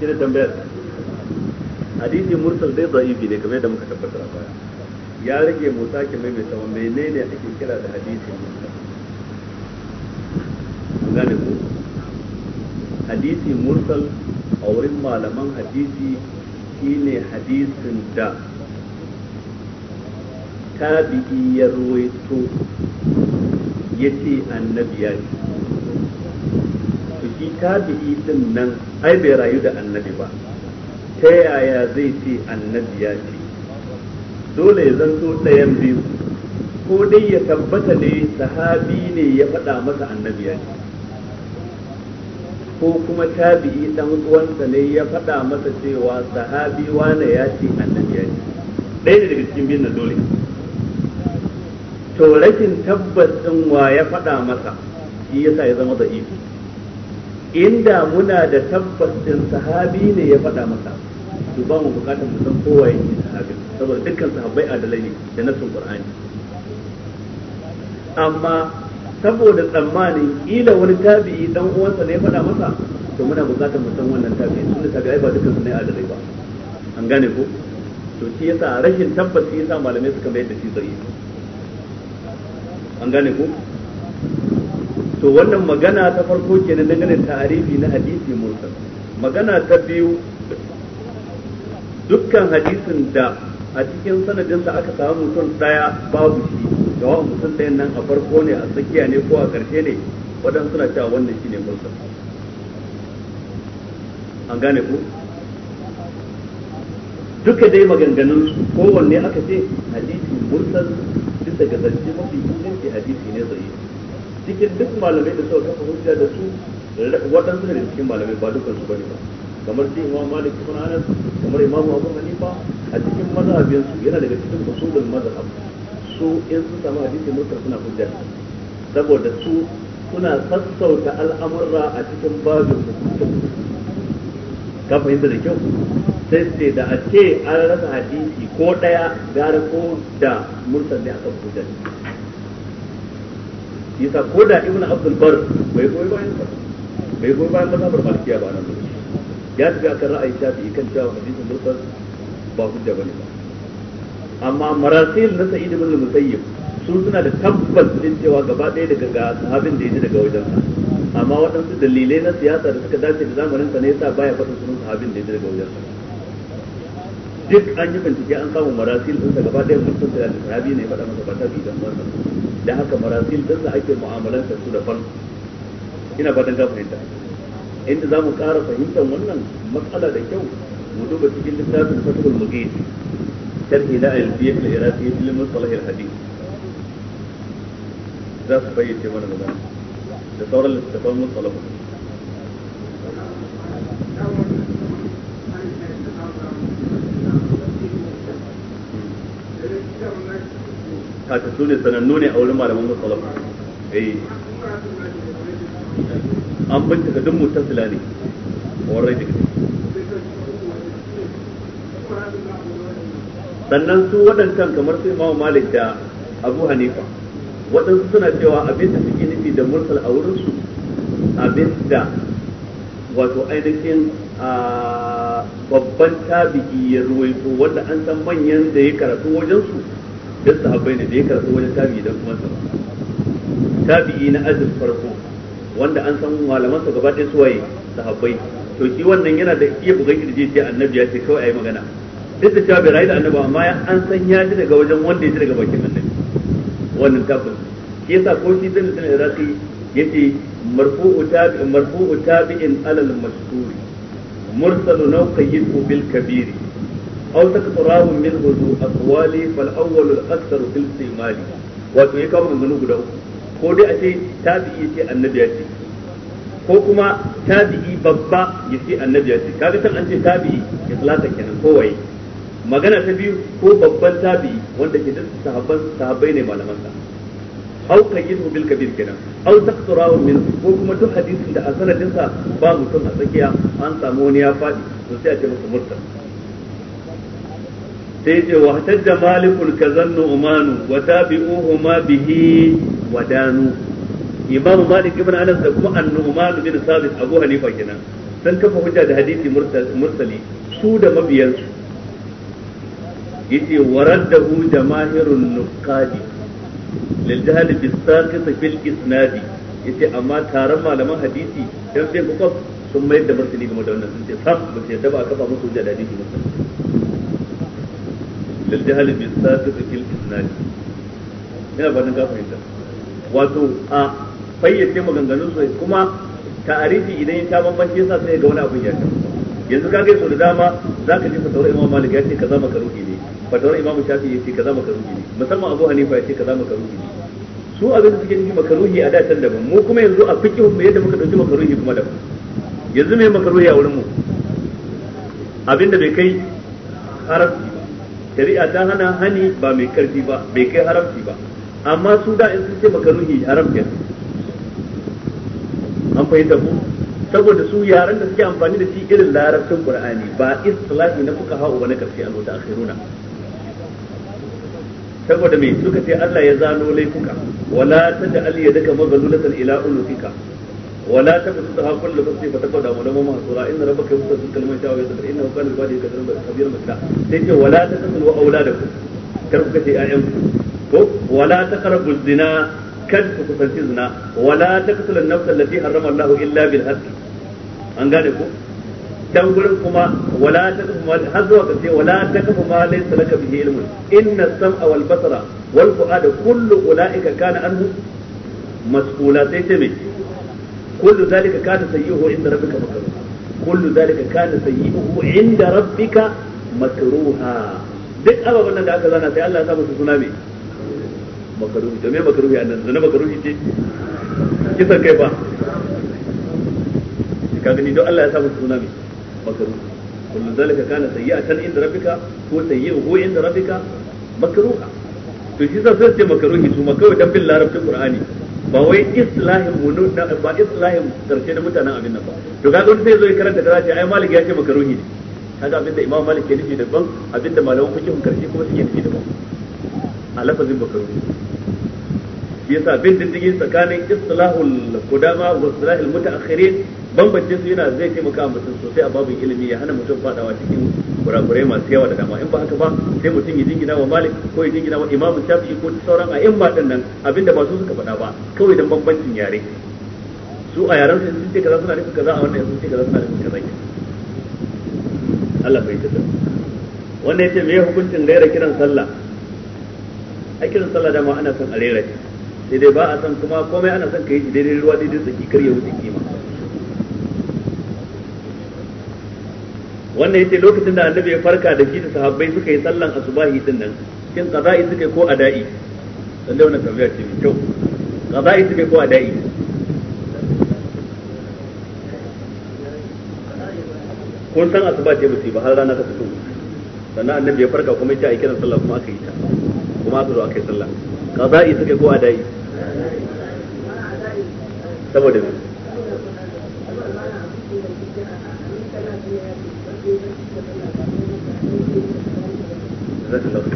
shine tambayar hadisi mursal dai da'ifi ne kamar yadda muka tabbatar a baya ya rage motsa ki mai mai tsawon menene ake kira da hadisi mursal gane ku hadisi mursal a wurin malaman hadisi shine hadisin da tabi'i ya ruwaito yace ce annabi ya ce shi tabi'i din nan ai bai rayu da annabi ba ta yaya zai ce annabi ya ce dole ya zanto ɗayan biyu ko dai ya tabbata ne sahabi ne ya faɗa masa annabi ya ce ko kuma tabi'i dan uwansa ne ya faɗa masa cewa sahabi wane ya ce annabi ya ce ɗaya ne daga cikin biyun nan dole to rashin tabbas ɗin wa ya faɗa masa shi yasa ya zama da ifi inda muna da tabbas din sahabi ne ya faɗa masa to ba mu bukatar mu san kowa yake sahabi saboda dukkan sahabbai adalai ne da nasin qur'ani amma saboda tsammanin ila wani tabi'i dan uwansa ne ya faɗa masa to muna bukatar mu san wannan tabi'i tunda tabi'ai ba dukkan su ne adalai ba an gane ko to shi yasa rashin tabbas shi yasa malamai suka mai da shi zai an gane ko to wannan magana ta farko ke na dangane tarihi na hadisi mursal magana ta biyu dukkan hadisin da a cikin sanadinsa aka samu mutum daya babu shi gawa mutum ɗayan nan a farko ne a tsakiya ne ko a ƙarshe ne waɗansu suna cewa wannan shine mursal an gane ku duka dai maganganun kowanne aka ce hadisi mursal bisa ga zance mafi inganci hadisi ne zai cikin duk malamai da suka kafa hujja da su waɗansu ne cikin malamai ba dukkan su bane ba kamar shi imam malik ibn anas kamar imam abu hanifa a cikin mazhabin su yana daga cikin usulul mazhab su in su samu hadisi mutar suna hujja saboda su suna sassauta al'amurra a cikin babin ka fahimta da kyau sai ce da a ce an rasa hadisi ko ɗaya gara ko da mursal ne akan hujja yasa ko da ibnu abdul bar bai goyi bayan ba bai goyi bayan bar malikiya ba nan ya tafi akan ra'ayin shafi'i kan cewa hadisin mursal ba hujja bane ba amma marasil na sa'id ibn musayyib su suna da tabbas din cewa gaba ɗaya daga ga sahabin da yaji daga wajen sa amma waɗansu dalilai na siyasa da suka dace da zamanin sa ne yasa baya faɗin sunan sahabin da yaji daga wajen sa duk an yi bincike an samu marasil din sa gaba ɗaya mutum da sahabi ne faɗa masa ba ta da wannan da haka marasil din sa ake mu'amalanta su da farko ina fatan ka fahimta inda za mu ƙara fahimtar wannan matsala da kyau mu duba cikin littafin fatul mughaith sharhi na al-biyat al-iraqi fil mustalah al-hadith za su fayyace mana magana da sauran littafan mustalah tatattu ne sanannu ne a wurin malaman musallam eh an bincika duk mutasila ne warai da sannan su waɗancan kamar su imamu malik da abu hanifa waɗansu suna cewa abin da suke nufi da mursal a wurinsu abin da wato ainihin a babban tabi'i ya ruwaito wanda an san manyan da ya karatu wajensu duk sahabbai ne da ya karatu wani tabi dan kuma sa tabi'i na ajin farko wanda an san malaman sa gaba ɗaya suwaye sahabbai to shi wannan yana da iya bugan kirji sai annabi ya ce kawai ayi magana duk da cewa bai rayu da annabi amma ya an san ya ji daga wajen wanda ya ji daga bakin annabi wannan tabbas shi yasa ko shi zan zan da zai yace marfu'u tabi'in marfu'u tabi'in alal mashhuri mursalu nawqayyid bil kabiri aw taqrahu min hudu aqwali fal awwal al akthar fil istimali wato ya kawo maganganu guda uku ko dai a ce tabi'i ya ce annabi ya ce ko kuma tabi'i babba ya ce annabi ya ce kaga kan an ce tabi'i ya itlaka kenan ko waye magana ta biyu ko babban tabi'i wanda ke da sahabban sahabbai ne malaman sa aw kayyidu bil kabir kenan aw taqtarahu min ko kuma duk hadisin da a sanadin sa ba mutum a tsakiya an samu wani ya fadi to sai a ce masa mursal sai ce wa hatajja malikun kazannu umanu wa tabi'uhu ma bihi wa danu imamu malik ibn anas da kuma annu'man bin sabit abu hanifa kenan sun kafa hujja da hadisi mursali su da mabiyansu yace waraddahu jamaahirun nuqadi lil jahl bis saqit fil isnad yace amma taron malaman hadisi dan sai ku sun mayar da mursali game da wannan sun ce sab ba ce da ba kafa musu hujja da hadisi mursali lil a fayyace maganganun su kuma ta'arifi idan ya ta bambanci yasa ga wani abin ya yanzu ka gaisu da dama ka ji fatawar imam malik ya ce kaza makaruhi ne fatawar imam shafi ya ce kaza makaruhi ne musamman abu hanifa ya ce kaza makaruhi ne su abin da suke nufi makaruhi a da can daban mu kuma yanzu a fiqh mu yadda muka dauki makaruhi kuma daban yanzu me makaruhi a wurin mu abinda bai kai haram shari'a ta hana hani ba mai karfi ba bai kai haramci ba amma su da in sun ce ruhi haram ke an fahimta ku saboda su yaran da suke amfani da shi irin larabcin qur'ani ba islahi na fuka hawa na karshe an wata akhiruna saboda me suka ce Allah ya zano laifuka wala taj'al yadaka maghlulatan ila ulufika ولا تبسطها كل بسط فتقعد ملوما محصورا ان ربك يبسط الكلمه شاء ويقدر انه كان بعباده خبيرا بصيرا سيدي ولا تقتلوا اولادكم كرفك في ايامكم ولا تقربوا الزنا كد kusanci zina wala taqtulun nafsal lati harrama Allahu illa bil haqq an gane ko dan gurin kuma wala ta kuma har zuwa kace wala ta kafa ma laysa laka bihi ilmun inna sam'a wal basara ulaika kana anhu sai kullu zalika kana sayyi'uhu inda rabbika inda rabbika makruha duk ababen nan da aka zana sai Allah ya saba su suna me makaruhi to me makaruhi annan makaruhi ce kisan kai ba ka gani Allah ya saba su suna me makaruhi kullu zalika kana sayyi'atan inda rabbika ko inda rabbika makruha to shi sai makaruhi su dan qur'ani ba wai islahin munu ba islahin karshe da mutanen abin nan ba to ga wani sai zo ya karanta da ce ai malik ya ce ruhi ne kaga abin da imam malik ke nufi ban abin da malaman fiqh karshe kuma suke nufi ban a lafazin makaruhi yasa bin diddigi tsakanin islahul qudama wa islahul mutaakhirin bambance su yana zai taimaka mutum sosai a babin ilimi ya hana mutum fadawa cikin kurakurai masu yawa da dama in ba haka ba sai mutum ya jingina wa malik ko ya jingina wa imamu shafi'i ko sauran a yan baɗin nan abinda ba su suka faɗa ba kawai dan bambancin yare su a yaran sun ce kaza suna nufin kaza a wannan sun ce kaza suna nufin kaza Allah bai tada wannan yace me hukuncin rera kiran sallah a kiran sallah dama ana son a rera sai dai ba a son kuma komai ana son ka yi daidai ruwa daidai tsaki kar ya wuce kima wannan yace lokacin da annabi ya farka da shi da sahabbai suka yi sallan asubahi din nan kin qada'i suka ko ada'i lalle wannan tabiya ce mai kyau qada'i suka ko ada'i kun san asuba ce musu ba har rana ta fito sannan annabi ya farka kuma yace ai kiran sallah kuma aka yi ta kuma aka zo aka yi sallah qada'i suka ko ada'i saboda me zatin nafsi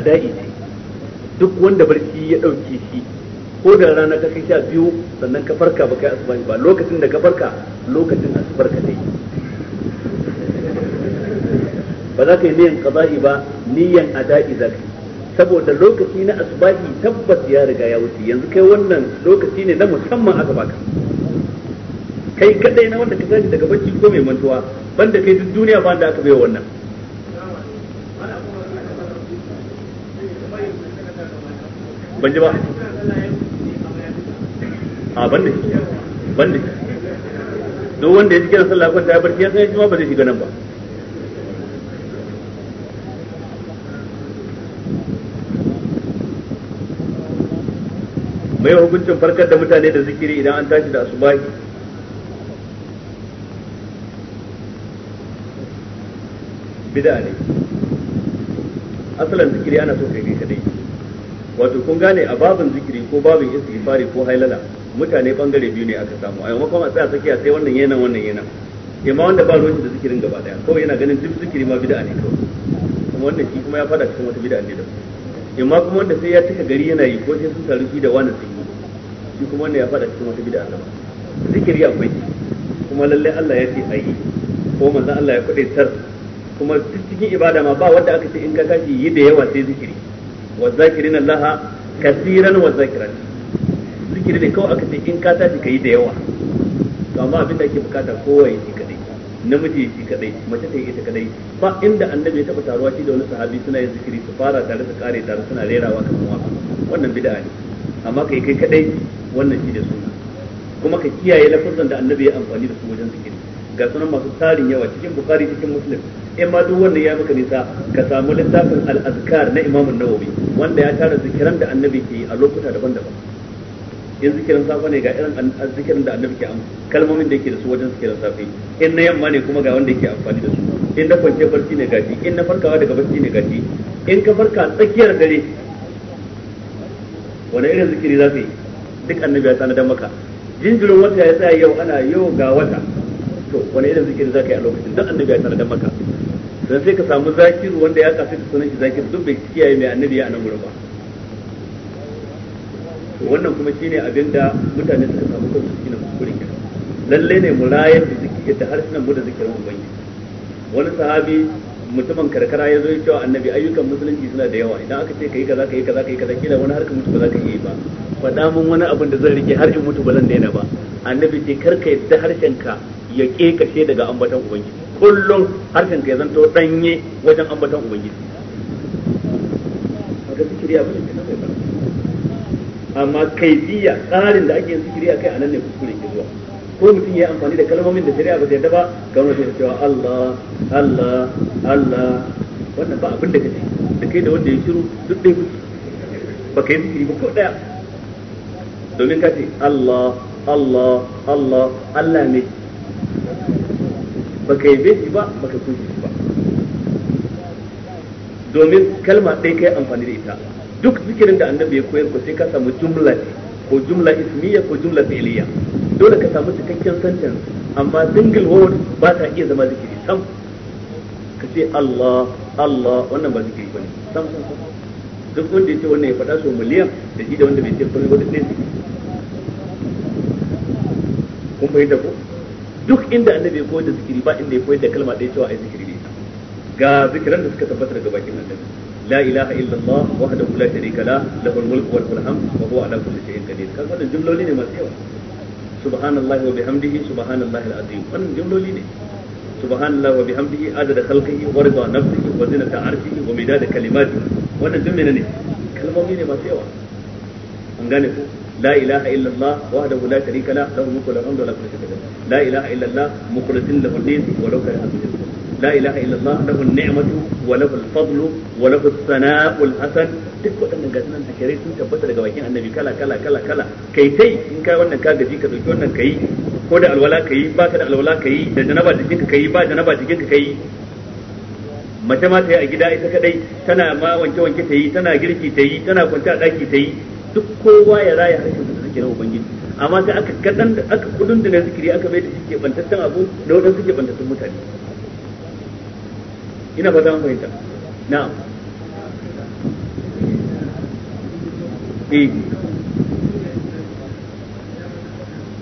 ce duk wanda barci ya dauke shi ko da rana ka kai sha biyu sannan ka farka ba kai asuba ba lokacin da ka farka lokacin asubar ka dai ba za ka yi niyan qada'i ba niyan adai za ka saboda lokaci na asubahi tabbas ya riga ya wuce yanzu kai wannan lokaci ne na musamman aka baka kai kadai na wanda ka tashi daga bacci ko mai mantuwa banda kai duk duniya ba da aka bai wannan ban ji ba a banda banda duk wanda ya shiga sallah kwanta ya barci ya san shi ba zai shiga nan ba mai hukuncin farkar da mutane da zikiri idan an tashi da asubahi bid'a ne asalin zikiri ana so kai ne kadai wato kun gane a babin zikiri ko babin istighfari ko hailala mutane bangare biyu ne aka samu a maimakon a tsaya a sai wannan yana wannan yana ma wanda ba ruwan da zikirin gaba daya kawai yana ganin duk zikiri ma bid'a ne kawai kuma wannan shi kuma ya fada cikin wata bid'a ne da imma kuma wanda sai ya cika gari yana yi ko sai sun taru shi da wani sun yi shi kuma wannan ya fada cikin wata bid'a ne zikiri akwai kuma lalle Allah ya ce ayi ko manzon Allah ya kudaitar kuma cikin ibada ma ba wanda aka ce in ka tashi yi da yawa sai zikiri wa zakirin Allah kasiran wa zakiran zikiri ne kawai aka ce in ka tashi kai da yawa to amma abin da ake bukata kowa ya shi kadai namiji shi kadai mace ta yi ita kadai ba inda annabi ya taba taruwa shi da wani sahabi suna yin zikiri su fara tare su kare tare suna rerawa kamar waka wannan bid'a ne amma kai kai kadai wannan shi da sunna kuma ka kiyaye lafazan da annabi ya amfani da su wajen zikiri ga sunan masu tarin yawa cikin bukari cikin muslim in ma duk wannan ya maka nisa ka samu littafin al-azkar na imam an-nawawi wanda ya tara zikiran da annabi ke a lokuta daban-daban in zikirin safa ne ga irin zikirin da annabi ke amma kalmomin da yake da su wajen zikirin safe in na yamma ne kuma ga wanda yake amfani da su in na kwance barci ne gashi in na farkawa daga barci ne gashi in ka farka tsakiyar dare wani irin zikiri za ka yi duk annabi ya tana maka jinjirin wata ya tsaya yau ana yau ga wata to wani irin zikiri zaka yi a lokacin duk annabi ya sanar maka dan sai ka samu zakiru wanda ya kasu sunan shi zakiru duk bai kiyaye mai annabi ya nan ba wannan kuma shine abin da mutane suka samu su cikin kuskure kenan lalle ne mu rayar da zikiri da harsunan mu da zikirin ubangiji wani sahabi mutumin karkara ya zo ya cewa annabi ayyukan musulunci suna da yawa idan aka ce kai kaza kai kaza kai kaza kila wani harkar mutu ba za ka iya yi ba faɗa mun wani abin da zan rike har in mutu ba zan daina ba annabi ce kar ka yadda harshen ka ya kekashe daga ambaton ubangiji kullum harshen ka ya zanto danye wajen ambaton ubangiji wata zikiri abu ne kana mai amma tsarin da ake yin zikiri kai anan ne kuskure ke zuwa ko mutum ya amfani da kalmomin da shari'a ba zai daba ga wani sai cewa Allah Allah Allah wannan ba abin da kace da kai da wanda ya shiru duk dai ba kai zikiri ba ko daya domin kace Allah Allah Allah Allah ne baka yi shi ba baka kushe shi ba domin kalma ɗaya kai amfani da ita duk zikirin da annabi ya koyar ko sai ka samu jumla ce ko jumla ismiya ko jumla fi'liya dole ka samu cikakken sentence amma single word ba ta iya zama zikiri sam ka ce Allah Allah wannan ba zikiri bane sam duk wanda ya ce wannan ya faɗa so miliyan da shi da wanda bai ce komai ba duk ne kun fahimta ko duk inda annabi ya koyar da zikiri ba inda ya koyar da kalma ɗaya cewa ai zikiri ne ga zikiran da suka tabbata daga bakin annabi la ilaha illallah wahdahu la sharika la lahul mulku wa lahul hamd wa huwa ala kulli shay'in qadir kan wannan jumloli ne masu yawa subhanallahi wa bihamdihi subhanallahi alazim wannan jumloli ne subhanallahi wa bihamdihi adada khalqihi wa rida nafsihi wa zinata arshihi wa midada kalimatihi wannan duk ne kalmomi ne masu yawa an gane ko لا إله إلا الله وحده لا شريك له له الملك وله الحمد ولا لا إله إلا الله له الدين ولو كره لا إله إلا الله له النعمة وله الفضل وله الثناء الحسن da alwala kai ba ka da a gida ita tana girki tana kwanta a daki duk kowa ya raya harshen da suke na ubangiji amma sai aka kadan da aka kudin da na zikiri aka bai da suke bantattun abu da wadan suke bantattun mutane ina fata mun fahimta na'am eh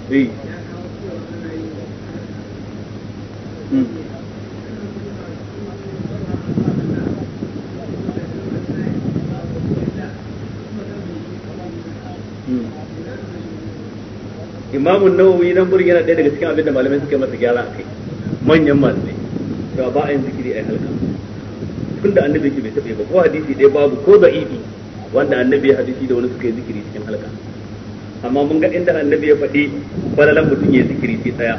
eh imamun nawawi nan burin yana ɗaya daga cikin abin da malamai suka masa gyara a kai manyan malamai to ba a yin zikiri a halka tun da annabi yake bai taɓa ba ko hadisi dai babu ko ibi wanda annabi ya hadisi da wani suka yi zikiri cikin halka amma mun ga inda annabi ya faɗi falalan mutum ya zikiri sai tsaya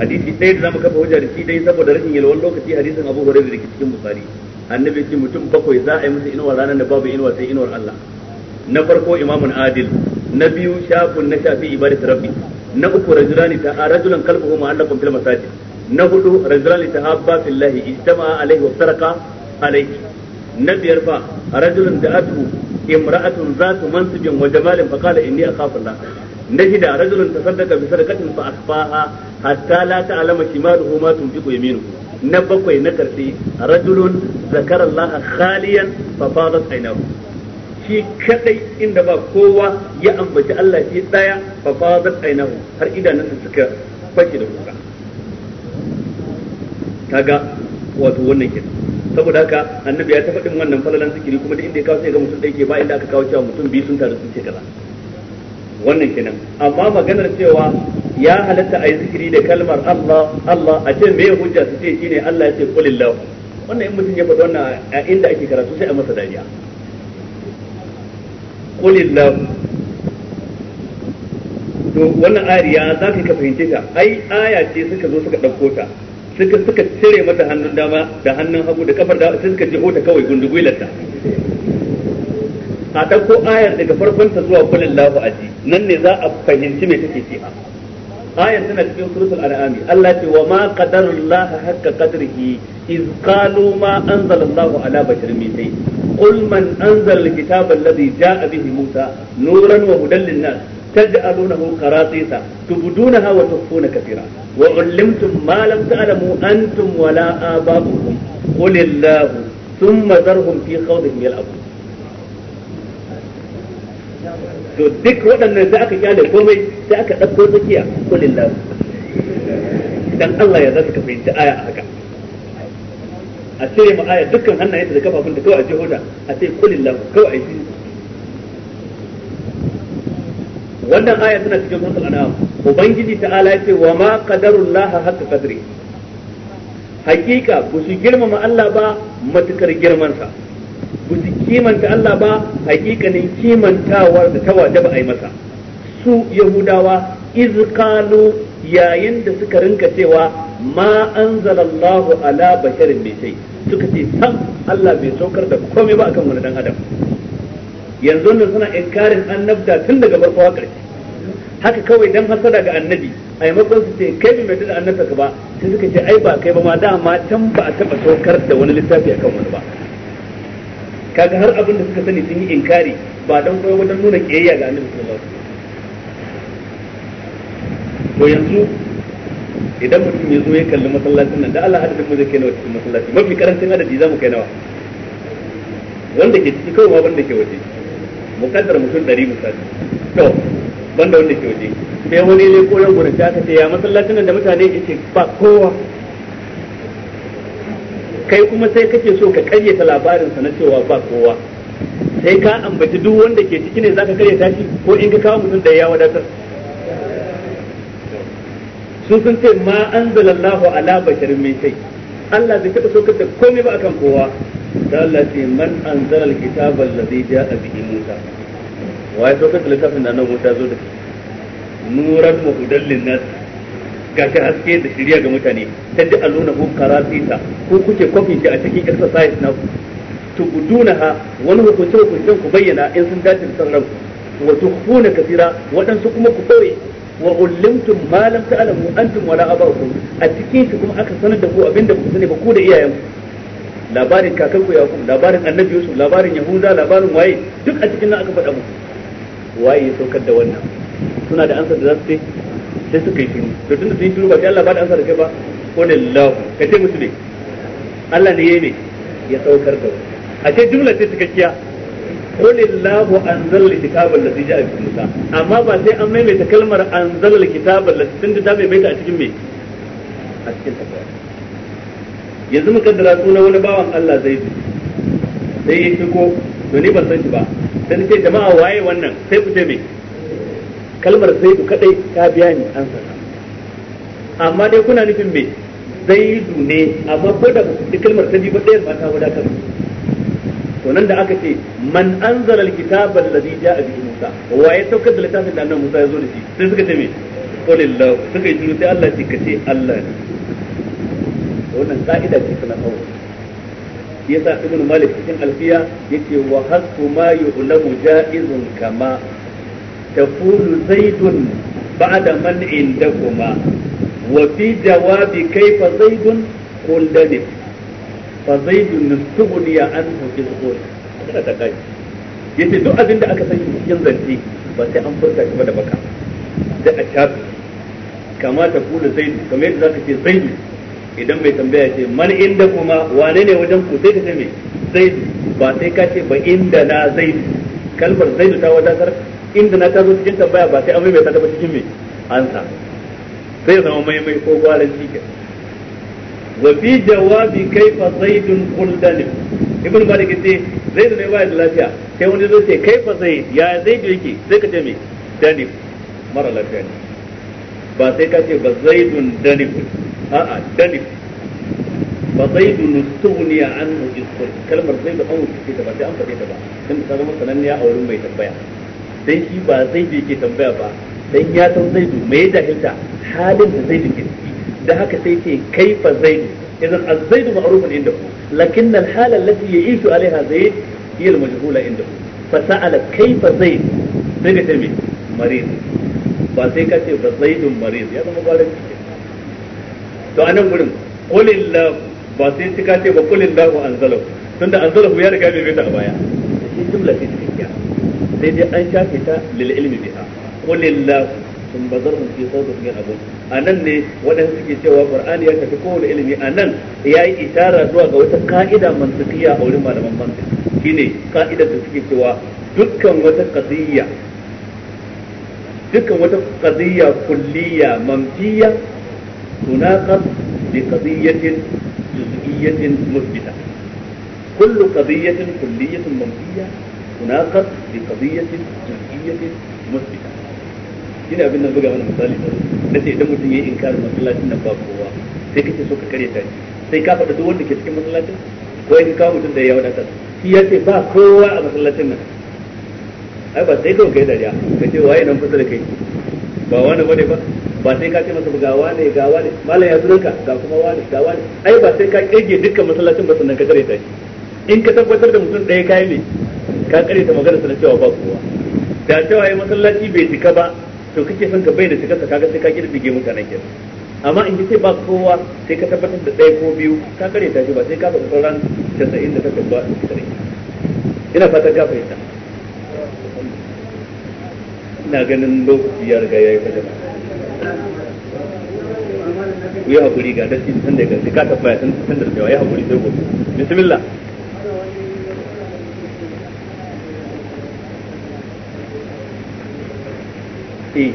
hadisi ɗaya da zamu kafa hujja da shi dai saboda rashin yalwan lokaci hadisin Abu Hurairah da ke cikin Bukhari annabi ce mutum bakwai za a yi musu inuwar ranar da babu inuwar sai inuwar Allah na farko imamun adil na biyu shafin na shafi ibadat rabbi na uku rajulani ta rajulan qalbuhu mu'allaqun fil masajid na hudu rajulani ta habba fillahi ijtama'a alaihi wa sarqa alaihi na biyar fa rajulun da da'atu imra'atun zatu mansibin wa jamalin fa qala inni akhafu Allah na shida rajulun ta tasaddaqa bi sadaqatin fa asfaha hatta la ta'lama shimaluhu ma tunfiqu yaminuhu na bakwai na karshe rajulun zakara Allah khaliyan fa fadat aynahu shi kadai inda ba kowa ya ambaci Allah shi daya fa fazat ainahu har idanunsa suka fashe da kuka kaga wato wannan kenan saboda haka annabi ya tafadin wannan falalan zikiri kuma da inda ya kawo sai ga mutum dake ba inda aka kawo cewa mutum biyu sun taru sun ce kaza wannan kenan amma maganar cewa ya halatta a yi zikiri da kalmar Allah Allah a ce me hujja su ce shine Allah ya ce kulillahu wannan in mutum ya faɗi wannan a inda ake karatu sai a masa dariya qulillahu to wannan ariya za ka fahimce ta ai aya ce suka zo suka ɗauko ta suka suka cire mata hannun dama da hannun hagu da kafar da suka jeho ta kawai gundugularta a ɗauko ayar daga farkon ta zuwa a aji nan ne za a fahimci me take ce a ayar tana cikin suratul al'ami Allah ce wa ma qadarullah hakka qadrihi iz qalu ma anzalallahu ala basharin min shay qul man anzal alkitaba alladhi jaa bihi musa nuran wa hudan linnas taj'alunahu qaratisa tubdunaha wa tukhfuna katira wa 'allamtum ma lam ta'lamu antum wala aba'ukum qul thumma dharhum fi khawdihim yal'abun to duk waɗannan sai aka kyale komai sai aka ɗauko tsakiya kulin lahu dan Allah ya zaka fahimci aya a haka a cire mu aya dukkan hannayen da kafafun da kawai a jihoda a ce kulin lahu kawai a yi wannan aya tana cikin suratul an'am ubangiji ta'ala ya ce wa ma qadarullah haqqa qadri hakika ba su girmama Allah ba matukar girmansa sa ba kimanta Allah ba hakikanin kimantawar da ta wajaba a yi masa su yahudawa izkalu yayin da suka rinka cewa ma an zalallahu ala basharin mai sai suka ce sam Allah bai saukar da komai ba akan wani dan adam yanzu nan suna inkarin da tun daga farko haka haka kawai dan hasada ga annabi a maimakon su ce kai bai da annabta ka ba sai suka ce ai ba kai ba ma dama can ba a taba saukar da wani littafi akan wani ba kaga har abin da suka sani sun yi inkari ba dan koyo wajen nuna kiyayya ga annabi sallallahu alaihi wasallam to yanzu idan mutum ya zo ya kalli masallacin nan da Allah hada duk zai kai nawa cikin masallaci mafi karancin adadi za mu kai nawa wanda ke ciki kawai wanda ke waje mukaddar mutum 100 misali to banda wanda ke waje sai wani ne koyon gurin ta aka ce ya masallacin nan da mutane ke ce ba kowa kai kuma sai kake so ka karyata labarinsa na cewa ba kowa sai ka ambaci duk wanda ke ciki ne zaka karyata shi ko in ka kawo mutum da ya wadatar su sun ce ma anzalallahu ala basharin min shay Allah zai kada saukar da komai ba akan kowa da Allah ce man anzalal kitaba allazi ja'a bihi Musa wai saukar da littafin da nan Musa zo da nuran muhdallin nas ga shi haske da shirya ga mutane ta ji nuna hu karasita ko kuke kwafin shi a cikin exercise na tubuduna ha wani hukunce hukuncen ku bayyana in sun dace da sauran wa tukhuna kasira waɗansu kuma ku kore wa ulimtum ma lam ta'lamu antum wala abakum a cikin shi kuma aka sanar da ku abinda ku sani ba ku da iyayen labarin kakanku yakub labarin annabi yusuf labarin yahuda labarin waye duk a cikin nan aka faɗa muku waye ya saukar da wannan suna da ansa da za su ce sai suka yi shiru to tunda sun yi shiru ba sai Allah ba da ansa da kai ba ko lahu ka ce musu ne Allah ne yayi ne ya saukar da a ce jumla ce cikakkiya ko lallahu anzal kitabal ladhi ja'a bi Musa amma ba sai an maimaita kalmar anzal kitabal ladhi tunda ta maimaita a cikin me a cikin tafiya yanzu muka dara suna wani bawan Allah zai bi sai ya shigo to ni ban san shi ba sai ce jama'a waye wannan sai ku ce me kalmar zaidu kadai ka biya ni an sa amma dai kuna nufin me zaidu ne amma ko da kalmar ta ba ɗayan ba ta wadatar to nan da aka ce man anzala alkitaba alladhi jaa bi musa wa ya saukar da littafin da annabi musa ya zo da shi sai suka ce me qulillahu suka yi sai Allah ce kace Allah ne wannan ka'ida ce ta nahawu yasa ibn malik cikin alfiya yake wa hasu ma yu'lamu jaizun kama تقول زيد بعد من عندكما وفي جواب كيف زيد قل لنف فزيد استغني عنه في القول kada ta yace duk abin da aka san cikin zance ba sai an furta shi ba da baka sai a shafi kamata kula zaidu kamar yadda zaka ce zaidu idan mai tambaya ce man inda kuma wane ne wajen ku sai ka ce mai zaidu ba sai ka ce ba inda na zaidu kalmar zaidu ta wadatar inda na tazo cikin tambaya ba sai an maimaita ta ba cikin me ansa sai zama mai-mai ko gwaran cikin wa fi jawabi kaifa zaidun quldan ibn malik ce zaid ne ba da lafiya sai wani zo ce kaifa zaid ya zaid yake sai ka ce me danif mara lafiya ne ba sai ka ce ba zaidun danif a'a danif ba zaidun nustughniya anhu isqul kalmar zaid an wuce ta ba sai an faɗe ta ba dan ta zama sananniya a wurin mai tambaya dan shi ba zai je ke tambaya ba dan ya san zai du me jahilta halin da zai duke da haka sai ce kaifa zaidu idan az-zaidu ma'rufun inda ku lakin al-hal allati ya'ishu alaiha zaid hiya al-majhula inda ku fa sa'ala kaifa zaid sai ka ce me marid ba sai ka ce ba zaidun marid ya zama gwaran to anan gurin qulillahu ba sai ka ce ba qulillahu anzalahu tunda anzalahu ya riga bai bai ta baya shi jumla ce cikakkiya sai dai an shafe ta lil ilmi biha qul lillah sun bazarhum fi sawtihim min abun anan ne wadanda suke cewa qur'ani ya tafi kowane ilimi anan yayi isara zuwa ga wata ka'ida mantiqiya a wurin malaman mantiq shine ka'idar da suke cewa dukkan wata qadiyya dukkan wata qadiyya kulliyya manfiya tunaqab bi qadiyyatin juz'iyyatin musbita kullu qadiyyatin kulliyyatin manfiya تناقض بقضية جزئية مثبتة shine abin da buga mana misali da na ce idan mutum ya yi inkarin masallacin nan ba kowa sai kace so ka kare ta sai ka faɗa duk wanda ke cikin masallacin ko ya kawo mutum da ya ka shi ya ce ba kowa a masallacin nan ai ba sai kawai kai dariya ka ce waye nan kusa da kai ba wani bane ba ba sai ka ce masa ga wane ga wane malam ya zuranka ga kuma wane ga wane ai ba sai ka kirge dukkan masallacin ba sannan ka dare ta in ka tabbatar da mutum ɗaya kai ne ka kare ta magana sana cewa ba kowa da cewa yi masallaci bai cika ba to kake son ka bai da cikarsa kaga sai ka kirdige mutanen ke amma in kace ba kowa sai ka tabbatar da ɗaya ko biyu ka kare ta shi ba sai ka faɗi sauran casa'in da takwas ba kare ina fatan ka fahimta ina ganin lokaci ya riga ya yi fadama ku yi haƙuri ga dashi tun da ya gansu ka tabbaya tun da cewa ya haƙuri sai gobe bismillah eat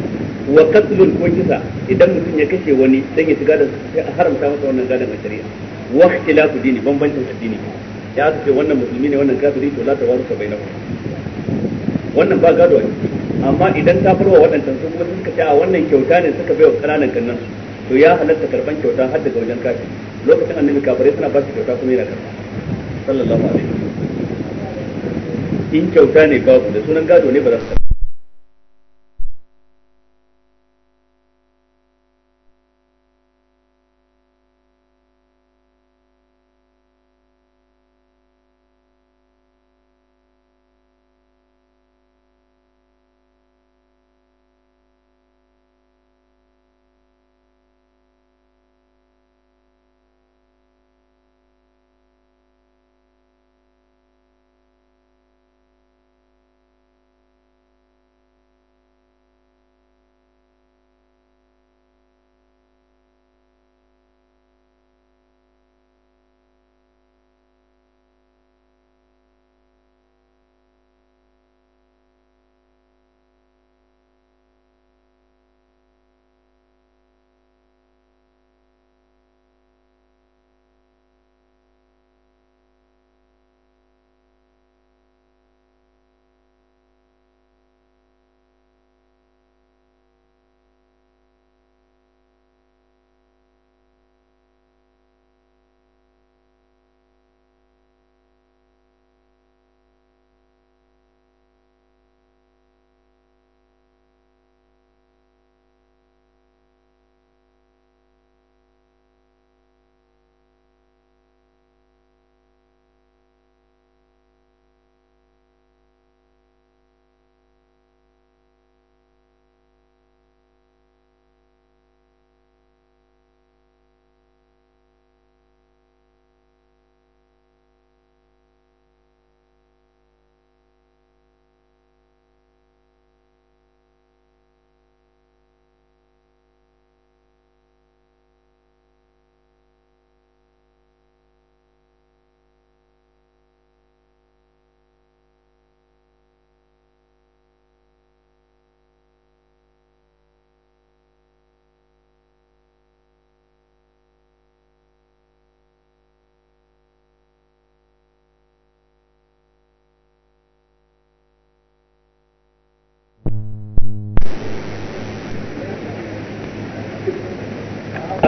wa qatlun ko kisa idan mutum ya kashe wani dan ya shiga da sai a haramta masa wannan gadan a shari'a wa khilafu dini bambancin addini ya aka ce wannan musulmi ne wannan kafiri to la ka bainahu wannan ba gado ne amma idan ta farwa waɗancan sun kuma suka ce a wannan kyauta ne suka bai wa ƙananan kannan to ya halatta karban kyauta har daga wajen kafin lokacin annabi kafirai suna ba shi kyauta kuma yana karba sallallahu alaihi in kyauta ne babu da sunan gado ne ba za su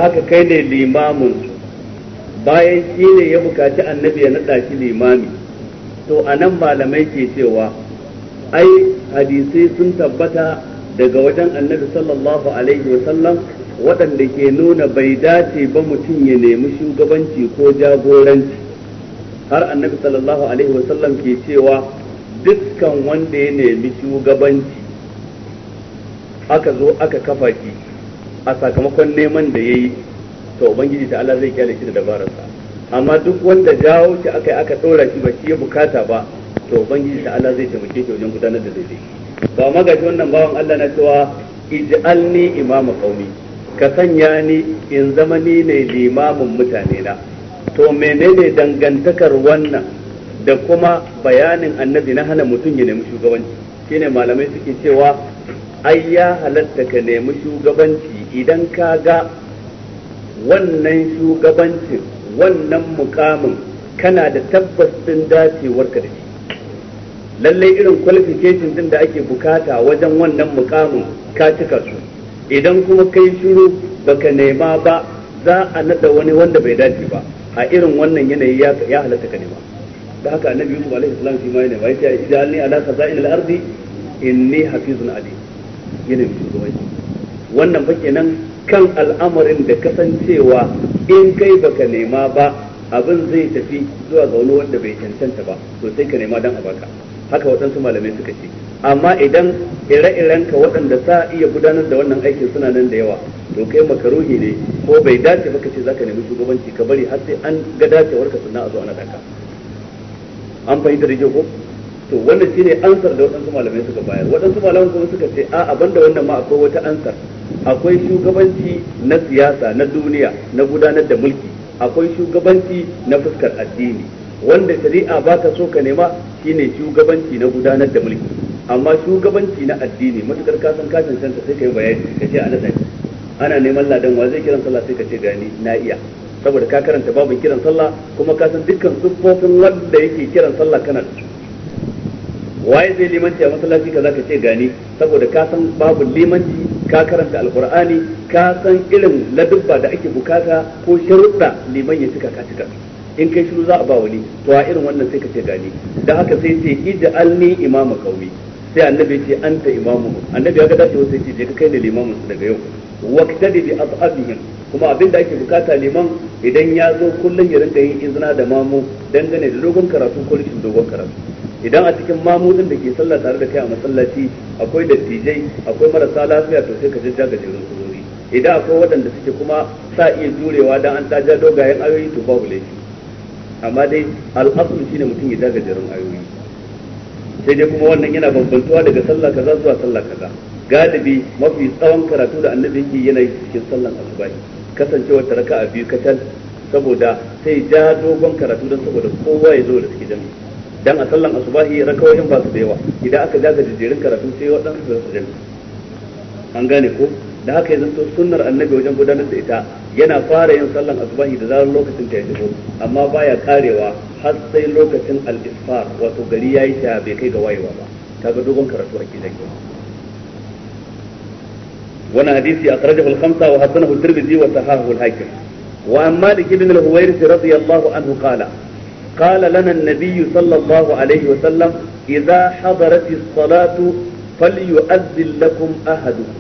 haka kai ne limamin bayan shi ne ya bukaci annabi ya nada shi limami to a nan malamai ke cewa ai hadisai sun tabbata daga wajen annabi sallallahu alaihi wasallam waɗanda ke nuna bai dace ba mutum ya nemi shugabanci ko jagoranci har annabi sallallahu alaihi wasallam ke cewa dukkan wanda ya nemi shugabanci aka zo aka kafa shi a sakamakon neman da ya yi to ubangiji ta Allah zai kyale shi da dabararsa amma duk wanda jawo shi aka yi aka ɗora shi ba shi ya bukata ba to ubangiji ta Allah zai taimake shi wajen gudanar da daidai ba ma wannan bawan Allah na cewa ij'alni imama qaumi ka sanya ni in zama ni ne limamin mutane na to menene dangantakar wannan da kuma bayanin annabi na hana mutum ya nemi shugabanci shine malamai suke cewa ai ya halatta ka nemi shugabanci idan ka ga wannan shugabancin wannan mukamin kana da tabbas din dacewar ka da shi lallai irin qualification din da ake bukata wajen wannan mukamin ka cika su idan kuma kai shiru baka nema ba za a nada wani wanda bai dace ba a irin wannan yanayi ya halatta ka nema da haka annabi Yusuf alaihi salam shi ma yana bai ta ala khaza'il al-ardi inni hafizun alim yana shugabanci wannan ba kenan kan al'amarin da kasancewa in kai baka nema ba abin zai tafi zuwa ga wani wanda bai cancanta ba to sai ka nema dan a baka haka waɗansu malamai suka ce amma idan ire-iren ka waɗanda sa iya gudanar da wannan aikin suna nan da yawa to kai makaruhi ne ko bai dace ba ka ce zaka nemi shugabanci ka bari har sai an ga dacewar ka sunna a zo ana daka an fahimta da ko to wannan shine ansar da waɗansu malamai suka bayar waɗansu malamai kuma suka ce a abin da wannan ma akwai wata ansar akwai shugabanci na siyasa na duniya na gudanar da mulki akwai shugabanci na fuskar addini wanda shari'a baka so ka nema shine shugabanci na gudanar da mulki amma shugabanci na addini matukar ka san kashin kanta sai kai bayani ka ce a ana neman ladan wa zai kiran sallah sai ka ce gani na iya saboda ka karanta babin kiran sallah kuma ka san dukkan siffofin wanda yake kiran sallah kana da su waye zai limanci a masallaci za ka ce gani saboda ka san babu limanci ka karanta alkur'ani ka san irin ladubba da ake bukata ko sharuɗa liman ya cika ka cika in kai shiru za a ba wani to a irin wannan sai ka ce gani da haka sai ce ij'alni imama qaumi sai annabi ce anta imamu annabi ya ga dace sai ce je ka kai ne limamin daga yau waqtadi bi ashabihim kuma abin da ake bukata liman idan ya zo kullum ya rinka yin izina da mamu dangane da dogon karatu ko rashin dogon karatu idan a cikin mamudin da ke sallah tare da kai a masallaci akwai dattijai akwai marasa lafiya to sai ka jajja ga jirin surori idan akwai waɗanda suke kuma sa iya jurewa dan an taja dogayen ayoyi to babu laifi amma dai al'asul shine mutum ya jaga jirin ayoyi sai dai kuma wannan yana bambantuwa daga sallah kaza zuwa sallah kaza galibi mafi tsawon karatu da annabi yake yana cikin sallan asuba kasancewar taraka a biyu kacal saboda sai ja dogon karatu don saboda kowa ya zo da suke jami'a dan a sallan asubahi rakawoyin ba su da yawa idan aka zaga jijirin karatu sai waɗansu su rasa jami'i an gane ko da haka yanzu sunnar annabi wajen gudanar da ita yana fara yin sallan asubahi da zarar lokacin ta yi amma baya karewa har sai lokacin al-isfar wato gari yayi ta bai kai ga wayewa ba kaga dogon karatu ake da وانا حديثي wa الخمسه وحسنه الترمذي وصححه الحاكم وعن مالك بن الهويرث رضي radiyallahu anhu kala قال لنا النبي صلى الله عليه وسلم إذا حضرت الصلاة فليؤذن لكم أحدكم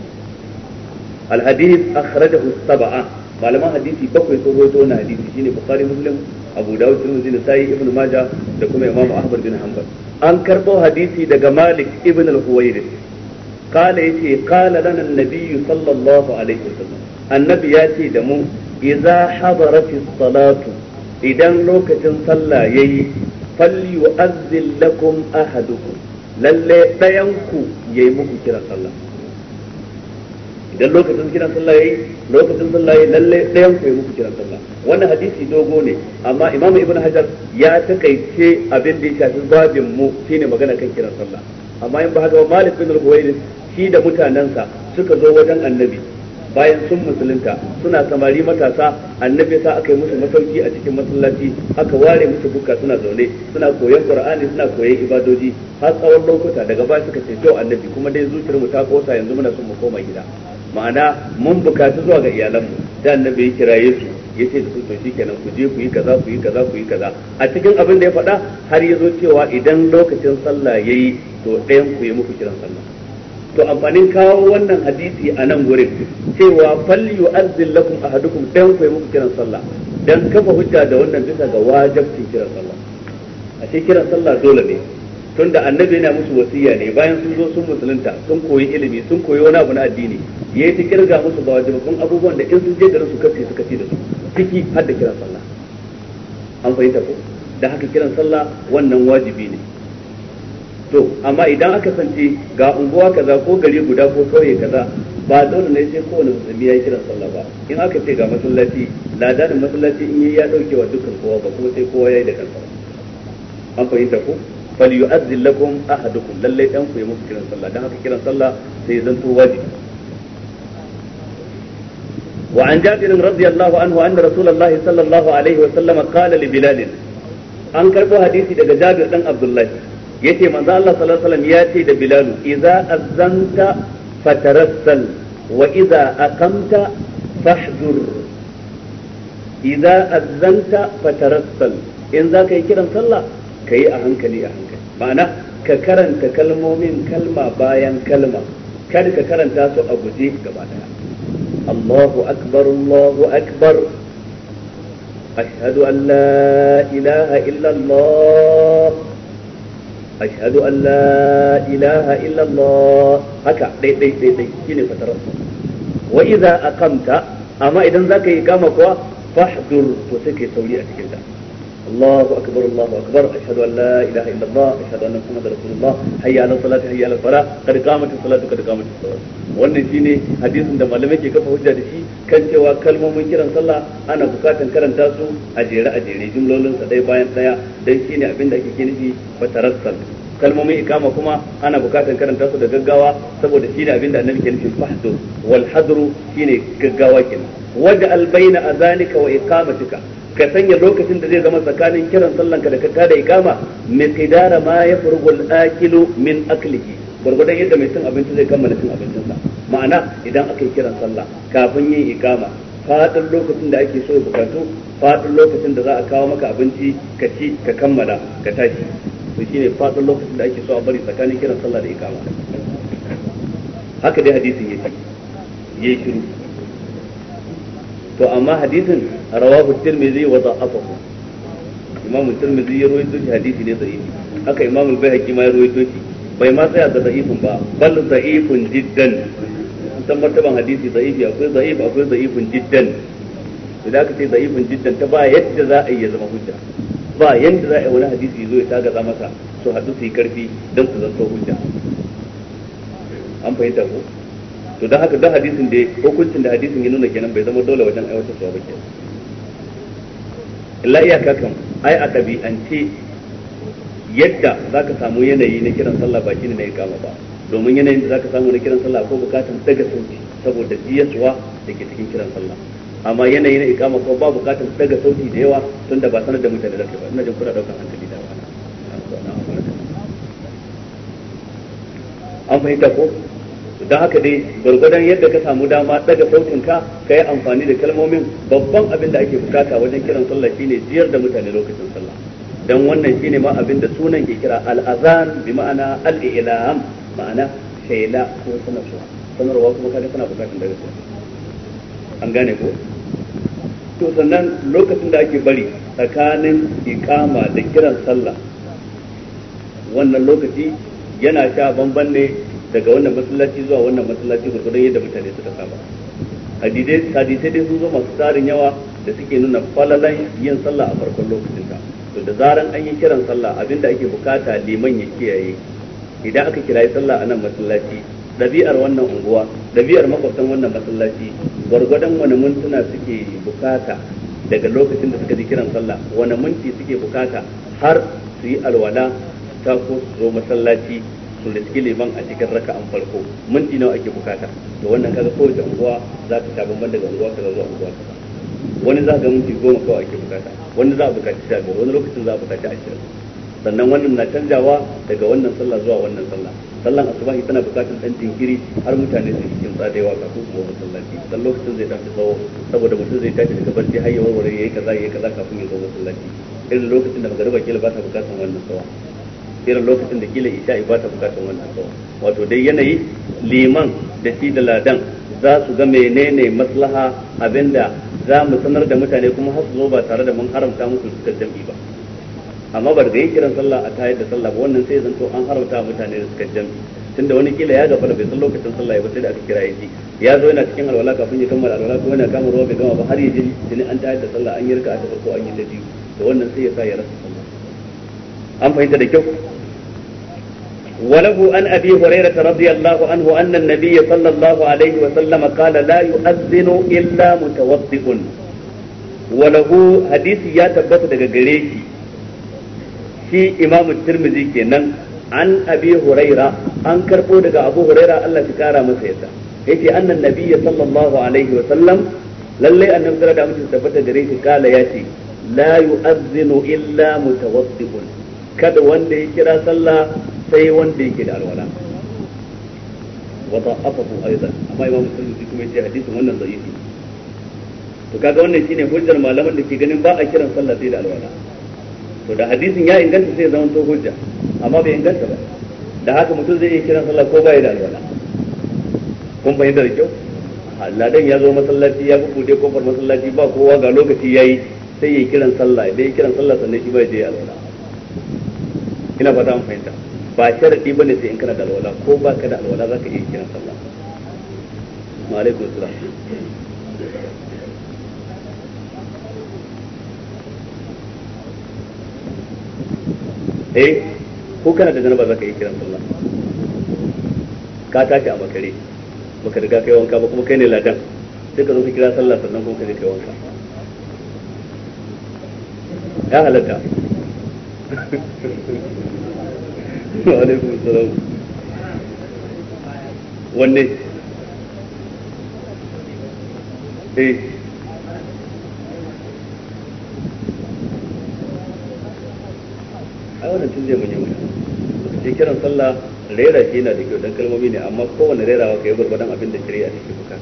الحديث أخرجه السبعة malaman hadisi bakwai sun rawaito wannan hadisi shine bukhari muslim abu dawud tirmidhi nasai ibnu maja da kuma imam ahmad bin hanbal an karɓo hadisi daga malik ibn al-huwairis qala yace qala lana an sallallahu alaihi wasallam annabi yace da mu iza hadarati salatu idan lokacin sallah ya yayi falyu'azzil lakum ahadukum lalle ɗayanku ya yayi muku kiran sallah idan lokacin kiran sallah yayi lokacin sallah yayi lalle ɗayan ya yi muku kiran sallah wannan hadisi dogo ne amma imamu ibnu hajar ya takaice abin da ya shafi babin mu shine magana kan kiran sallah amma in ba haka ba malik bin al-huwairis shi da mutanansa suka zo wajen annabi bayan sun musulunta suna samari matasa annabi sa aka yi musu masauki a cikin masallaci aka ware musu bukka suna zaune suna koyon qur'ani suna koyon ibadoji har tsawon lokuta daga baya suka ce to annabi kuma dai zuciyar mu ta kosa yanzu muna son mu koma gida ma'ana mun bukaci zuwa ga iyalanmu da annabi ya kiraye su ya ce su to shikenan ku je ku yi kaza ku yi kaza ku yi kaza a cikin abin da ya faɗa har ya zo cewa idan lokacin sallah yayi to ɗayan ku yi muku kiran sallah to amfanin kawo wannan hadisi a nan gurin cewa fal yu'azzin lakum ahadukum dan ku mu kiran sallah dan kafa hujja da wannan bisa ga wajibin kiran sallah a ce kiran sallah dole ne tunda annabi yana musu wasiya ne bayan sun zo sun musulunta sun koyi ilimi sun koyi wani abu na addini yayi ta kirga musu ba wajibin abubuwan da in sun je garin su kace su ci da su ciki har da kiran sallah an fahimta ko da haka kiran sallah wannan wajibi ne to amma idan aka sanci ga unguwa kaza ko gari guda ko kauye kaza ba dole ne sai kowane musulmi ya kira sallah ba in aka ce ga masallaci ladanin masallaci in ya dauke wa dukkan kowa ba kuma sai kowa yayi da kansa an fahimta ko falyu'azzil lakum ahadukum lalle dan ku yi muku kiran sallah dan aka kiran sallah sai zanto wajibi وعن جابر رضي الله عنه أن رسول الله صلى الله عليه وسلم قال لبلال أنكر حديثي daga بن عبد الله yace manzo Allah sallallahu alaihi wasallam ya ce da Bilal idza azanta fatarassal wa idza aqamta fahdur idza azanta fatarassal in za ka yi kiran sallah ka yi a hankali a hankali ma'ana ka karanta kalmomin kalma bayan kalma kada ka karanta su a guje gaba daya Allahu akbar Allahu akbar ashhadu an la ilaha illa Allah ashhadu an la ilaha illallah haka dai dai dai dai shine fatarar wa idza aqamta amma idan zaka yi kama kuwa fahdur to sai kai sauri a cikin ta الله اكبر الله اكبر اشهد ان لا اله الا الله اشهد ان محمد رسول الله حي على الصلاه حي على الفلاح قد قامت الصلاه قد قامت الصلاه wannan shine hadisin da malamai ke kafa hujja da shi kan cewa kalmomin kiran sallah ana bukatan karanta su a jere a jere jumlolin sa dai bayan ɗaya dan shine abin da ake nufi fatarassal kalmomin ikama kuma ana bukatar karanta su da gaggawa saboda shi da abinda annabi ke nufi fahdu wal hadru shine gaggawa kenan waja al baina azalika wa iqamatika ka sanya lokacin da zai zama tsakanin kiran ka da ka da ikama miqdara ma yafrugu al akilu min aklihi gurgudan yadda mai cin abinci zai kammala cin abincinsa ma'ana idan aka yi kiran sallah kafin yin ikama fadin lokacin da ake so ya bukatu fadin lokacin da za a kawo maka abinci ka ci ka kammala ka tashi to shine fadin lokacin da ake so a bari tsakanin kiran sallah da ikama haka dai hadisin yake yi shiru to amma hadisin rawahu tirmidhi wa da'afahu imam tirmidhi ya rawaito shi hadisi ne da'ifi haka imam al-baihaqi ma ya rawaito shi bai ma tsaya da da'ifin ba bal da'ifun jiddan san martaban hadisi da'ifi akwai da'if akwai da'ifun jiddan idan aka ce da'ifun jiddan ta ba yadda za a yi ya zama hujja ba yanda za a yi wani hadisi zo ya tagaza masa su haɗu su yi karfi don su zanto hujja an fahimta ko to don haka don hadisin da hukuncin da hadisin ya nuna kenan bai zama dole wajen aiwatar su ba ke illa iyaka kan ai a ɗabi'ance yadda za ka samu yanayi na kiran sallah ba shi ne na ikama ba domin yanayin da za ka samu na kiran sallah ko bukatan daga sauti saboda jiyaswa da ke cikin kiran sallah amma yanayi na ikama ko ba bukatar daga sauti da yawa tun da ba sanar da mutane da ba ina jin kuna daukar hankali da wani an fahimta ko don haka dai gwargwadon yadda ka samu dama daga sautin ka ka yi amfani da kalmomin babban abin da ake bukata wajen kiran sallah shine jiyar da mutane lokacin sallah dan wannan shine ma abin da sunan ke kira al-azan bi ma'ana al-ilam ma'ana shaila ko sanarwa sanarwa kuma kada tana bukatar daga sauti an gane ko to sannan lokacin da ake bari tsakanin ikama da kiran sallah wannan lokaci yana sha bamban ne daga wannan masallaci zuwa wannan masallaci gurgurdan yadda mutane suka saba hadisai dai sun zo masu tsarin yawa da suke nuna falalan yin sallah a farkon lokacin ta to da zaran an yi kiran sallah abinda ake bukata liman ya kiyaye idan aka kirayi sallah a nan masallaci ɗabi'ar wannan unguwa ɗabi'ar makwabtan wannan masallaci gwargwadon wani mintuna suke bukata daga lokacin da suka ji kiran sallah wani minti suke bukata har su yi alwala ta ko su zo masallaci su riski liman a cikin raka an farko minti nawa ake bukata to wannan kaga kowace unguwa za ta sha bambam daga unguwa kaza zuwa unguwa kaza wani za ga minti goma kawai ake bukata wani za a bukaci sha wani lokacin za a bukaci ashirin sannan wannan na canjawa daga wannan sallah zuwa wannan sallah sallan asubahi tana bukatar dan jinkiri har mutane su cikin tsadewa kafin su zo masallaci dan lokacin zai tafi tsawo saboda mutum zai tafi daga barci har ya warware yayi kaza yayi kaza kafin ya zo masallaci irin lokacin da magariba kila ba ta bukatar wannan tsawa irin lokacin da kila isha'i ba ta bukatar wannan tsawa wato dai yanayi liman da shi da ladan za su ga menene maslaha abinda za mu sanar da mutane kuma har su zo ba tare da mun haramta musu suka jam'i ba amma ba da yi kiran sallah a tayar da sallah ba wannan sai zanto an harauta mutane da suka jami tunda wani kila ya gafara bai san lokacin sallah ba sai da aka kira ya ji ya zo yana cikin alwala kafin ya kammala alwala kuma yana kama ruwa bai gama ba har ya ji jini an tayar da sallah an yi rika ta farko an yi ta biyu to wannan sai ya sa ya rasa sallah an fahimta da kyau وله عن ابي هريره رضي الله عنه ان النبي صلى الله عليه وسلم قال لا يؤذن الا متوضئ وله حديث يا تبت daga gare shi imam tirmidhi kenan an abi huraira an karbo daga abu huraira Allah ya kara masa yadda yake annan nabiyyi sallallahu alaihi wa sallam lalle annabi da da mutum tabbata gare shi kala yace la yu'azzinu illa mutawaddibun kada wanda ya kira sallah sai wanda yake da alwala wata ايضا اما amma imam shi kuma yace hadisin wannan yi to kaga wannan shine hujjar malaman da ke ganin ba a kiran sallah sai da alwala to da hadisin ya inganta sai zama to hujja amma bai inganta ba da haka mutum zai iya kiran sallah ko bai da alwala kun bayyana da kyau ladan ya zo masallaci ya bude kofar masallaci ba kowa ga lokaci yayi sai ya kiran sallah idan yayi kiran sallah sannan shi bai je alwala ina fata an fahimta ba sharadi bane sai in kana da alwala ko ba ka da alwala zaka iya kiran sallah wa alaikum assalam eh ko kana da janaba zaka yi kiran sallah ka tashi a makare baka riga kai wanka ba kuma kai ne ladan sai ka zo ka kira sallah sannan kuma ka je kai wanka ya halatta wa wanne eh wannan tun zai manyan wuta shi kiran sallah rera shi yana da kyau dan kalmomi ne amma kowane rerawa kai gurgurdan abin da shari'a take bukata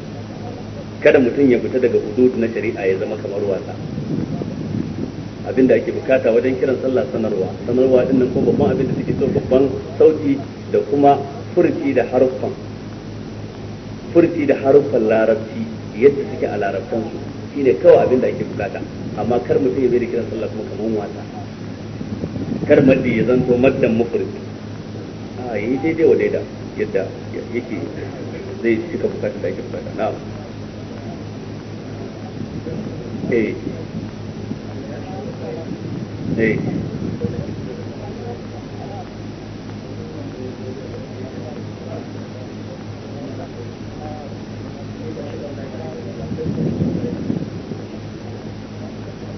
kada mutum ya fita daga hudud na shari'a ya zama kamar wasa abin da ake bukata wajen kiran sallah sanarwa sanarwa din nan ko babban abin da take so babban sauti da kuma furci da haruffan furci da haruffan larabci yadda suke a larabtan su shine kawai abin da ake bukata amma kar mutum ya bai da kiran sallah kuma kamar wasa kar maddi ya zanto maddan mufrid a yi daidai wa daida yadda yake zai cika bukata da yake bukata na'am eh eh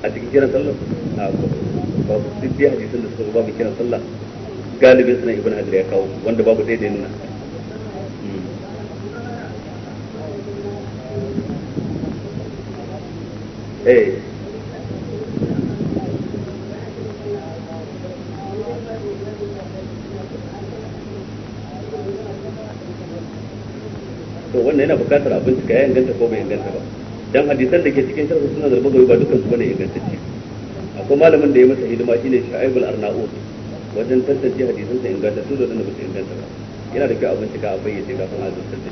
a cikin kiran sallar na abu babu duk dai hadisan da suka babu kiran sallah galibin sunan ibn hajar ya kawo wanda babu ɗaya da nuna hmm. eh to wannan yana bukatar abin ka ya inganta ko bai inganta ba dan hadisan da ke cikin sharh sunan al gari ba dukkan su bane ingantacce akwai malamin da ya masa hidima shine Shu'aibul Arnaud wajen tantance hadisan sa inganta su da wanda ba su inganta ba yana da kyau a bincika a bayyace kafin a zartar da shi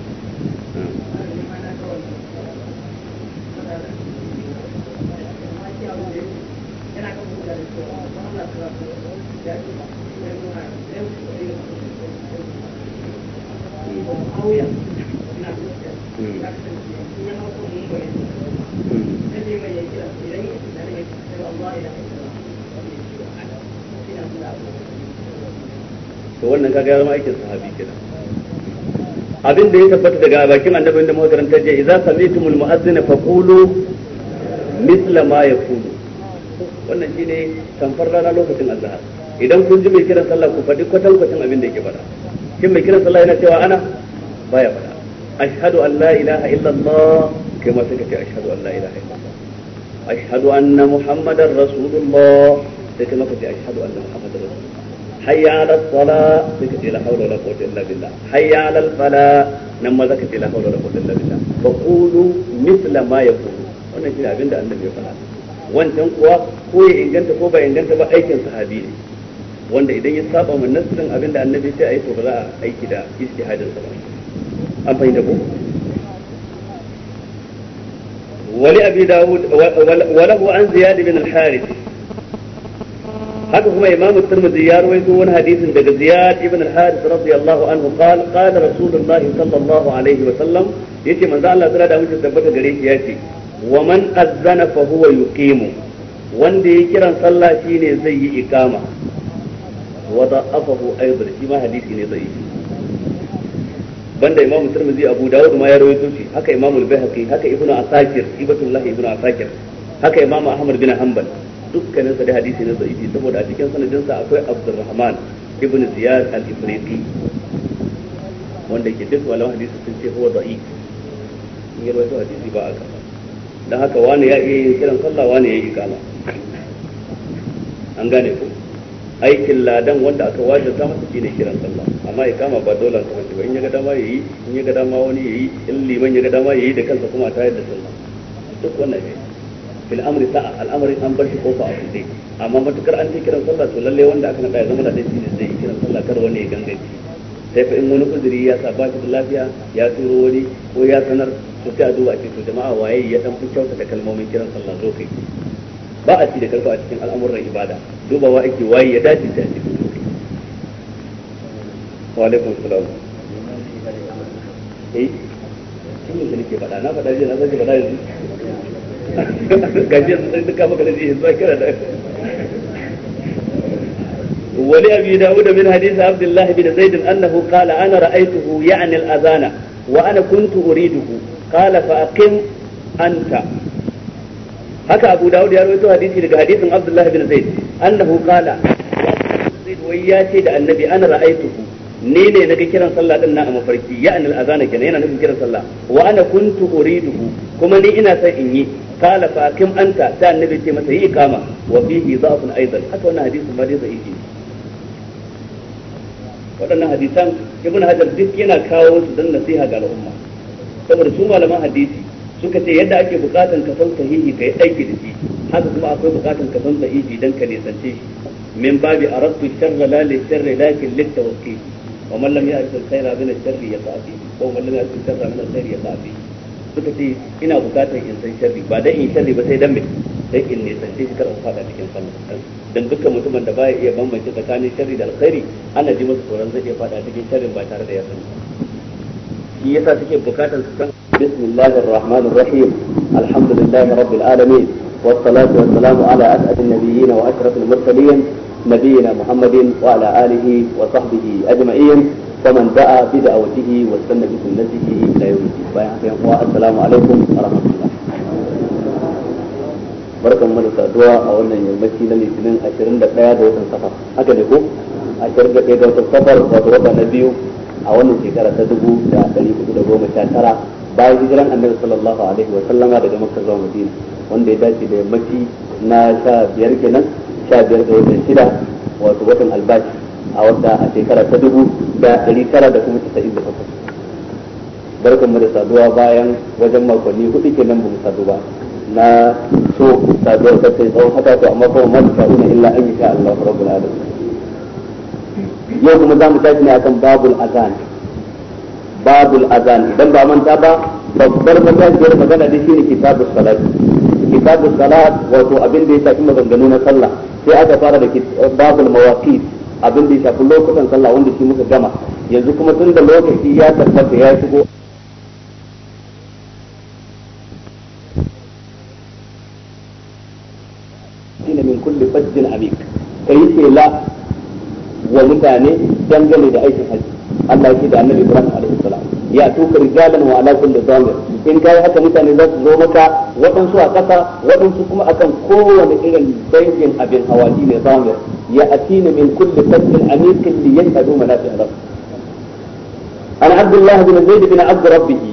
Mm. to wannan kaga ya zama aikin sahabi kenan abin da ya tabbata daga bakin annabin da makaranta je idza sami'tumul fa qulu mithla ma yaqulu wannan shine tamfar rana lokacin azhar idan kun ji mai kiran sallah ku faɗi kwatan kwatan abin da yake faɗa kin mai kiran sallah yana cewa ana baya faɗa ashhadu an la ilaha illallah kai ma sai ka ce ashhadu an la ilaha illallah أشهد أن محمد رسول الله ما في أشهد أن محمد رسول الله حي على الصلاة سيكون لا حول ولا قوة إلا بالله حي على الفلاة نما ذكر لا حول ولا قوة إلا بالله فقولوا مثل ما يقول وانا كنا عبين ده النبي فلا وان kuwa ko إن جنت ko إن جنت ba aikin sahabi ne wanda idan ya saba mun nasirin abin da annabi sai a yi to ba za a aiki wali abi dawud walahu an ziyad bin al-harith haka kuma imam tirmidhi ya rawaito wani hadisin daga ziyad ibn al-harith radiyallahu anhu qala qala rasulullahi sallallahu alaihi wa sallam yace manzo Allah tsara da mutum gare shi yace wa man azzana fa huwa yuqimu wanda ya kiran sallah shine zai yi ikama wa shi ma hadisi ne zai yi banda imamu tirmidhi abu dawud ma ya rawaito shi haka imamu al-baihaqi haka ibnu asakir ibatullah ibnu asakir haka imamu ahmad bin hanbal dukkanin sa da hadisi ne sahihi saboda a cikin sanadin sa akwai abdurrahman ibnu ziyad al-ifriqi wanda yake duk malaman hadisi sun ce huwa da'if in ya rawaito hadisi ba aka dan haka wani ya yi kiran sallah wani ya yi kala an gane ko aikin ladan wanda aka ta masa shine kiran sallah amma ya kama ba dole ka mace ba in ya ga dama yayi in ya ga dama wani yayi in liman ya ga dama yayi da kansa kuma ta yadda sallah duk wannan ne fil amri al-amri an bar shi kofa a bude amma matukar an ce kiran sallah to lalle wanda aka nada ya zama da dai zai yi kiran sallah kar wani ya gangaci sai fa in wani kudiri ya sa ba shi da lafiya ya turo wani ko ya sanar to sai a duba a ce to jama'a waye ya dan fi da kalmomin kiran sallah zo kai ba a ci da karfa a cikin al'amuran ibada dubawa ake waye ya dace ta wa alaikum salam eh kin da nake faɗa na faɗa jiya na zai faɗa yanzu gajiya sun duka maka da zai yanzu kira da ولأبي داود من حديث عبد الله بن زيد أنه قال أنا رأيته يعني الأذان وأنا كنت أريده قال فأقم أنت haka abu dawud ya rawaito hadisi daga hadisin abdullah bin zaid annahu qala zaid wai ya ce da annabi ana ra'aituhu ni ne naga kiran sallah din na a mafarki ya anil azana kenan yana nufin kiran sallah wa ana kuntu uriduhu kuma ni ina son in yi qala fa kim anta ta annabi ce masa yi kama. wa fihi dha'fun aidan haka wannan hadisin ba dai sahihi waɗannan hadisan ibn hajar duk yana kawo su dan nasiha ga al'umma saboda su malaman hadisi suka ce yadda ake bukatan ka san sahihi kai aiki da shi haka kuma akwai bukatan ka san sahihi dan ka nisance shi min babi aradtu sharra la li sharri lakin lit tawakkil wa man lam ya'rif al khayra min sharri yaqafi ko man lam ya'rif sharra min sharri yaqafi suka ce ina bukatan in san sharri ba dan in sharri ba sai dan me dan in nisance shi kar in fada cikin sallah dan dukkan mutumin da baya iya bambance tsakanin sharri da alkhairi ana ji masa tsoron zai iya fada cikin sharrin ba tare da ya sani shi yasa suke bukatan su san bismillahir rahmanir rahim alhamdulillahi rabbil alamin والصلاة والسلام على أسعد النبيين وأشرف المرسلين نبينا محمد وعلى آله وصحبه أجمعين ومن دعا بدعوته واستنى بسنته إلى يوم الدين السلام عليكم ورحمة الله barkan mu da saduwa a wannan yammaci na litinin 21 ga watan safar haka ne ko 21 ga watan safar wato wata na biyu a wannan shekara ta dubu da ɗari hudu da goma sha tara bayan hijiran annabi sallallahu alaihi wa sallama daga makka zuwa madina wanda ya dace da yammaci na sha biyar kenan sha biyar da watan shida wato watan albashi a wata a shekara ta dubu da ɗari tara da kuma tasa'in da takwas barkanmu da saduwa bayan wajen makonni hudu kenan ba mu sadu ba na so saduwa ta sai tsawon haka to amma kuma ma ta illa an yi sha Allah rabbul alamin yau kuma za mu tashi ne akan babul azan babul azan idan ba manta ba babbar matashiyar magana da shine kitabus salat kitabus salat wato abin da ya shafi maganganu na sallah sai aka fara da babul mawaqit abin da ya shafi lokutan sallah wanda shi muka gama yanzu kuma tun da lokaci ya tabbata ya shigo mutane dangane da aikin haji Allah ya da annabi Ibrahim alaihi salam ya tuka rijalan wa ala kulli zamir in kai haka mutane za su zo maka waɗansu a ƙasa waɗansu kuma akan kowane irin dangin abin hawaji ne zamir ya atina min kulli fadlin amikin li yashhadu manafi'a rabb an abdullah bin zaid bin abd rabbihi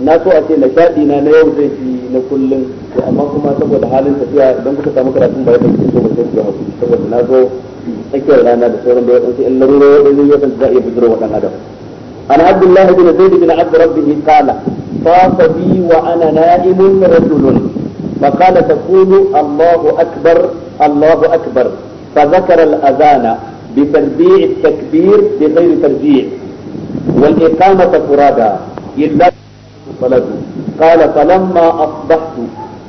na so a ce na shaɗi na yau zai fi na kullum to amma kuma saboda halin tafiya idan kuka samu karatun ba da kai so ba sai ku hakuri saboda na zo أكيد أنا عبد الله بن زيد بن عبد ربه قال طاف بي وأنا نائم رجل فقال تقول الله أكبر الله أكبر فذكر الأذان بتربيع التكبير بغير ترجيع والإقامة فرادى إلا قال فلما أصبحت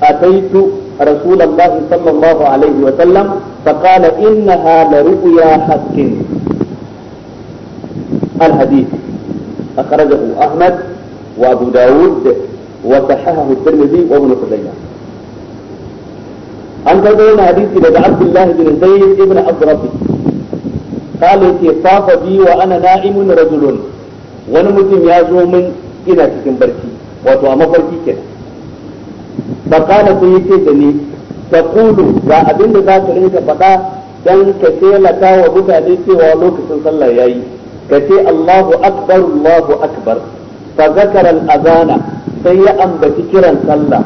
أتيت رسول الله صلى الله عليه وسلم فقال إنها لرؤيا حق الحديث أخرجه أحمد وأبو داود وصححه الترمذي وابن خزيمة أن تقول حديث إلى عبد الله بن زيد بن عبد ربي قال يتي صاف بي وأنا نائم رجل ونمت يا من إلى تكن بركي وتوام بركي كده fa kana kun yace da ni taqulu ga abin da za ka rinka faɗa dan ka telata wa mutane cewa lokacin sallah yayi ka ce Allahu akbar Allahu akbar fa zakara al-azana sai ya ambaci kiran sallah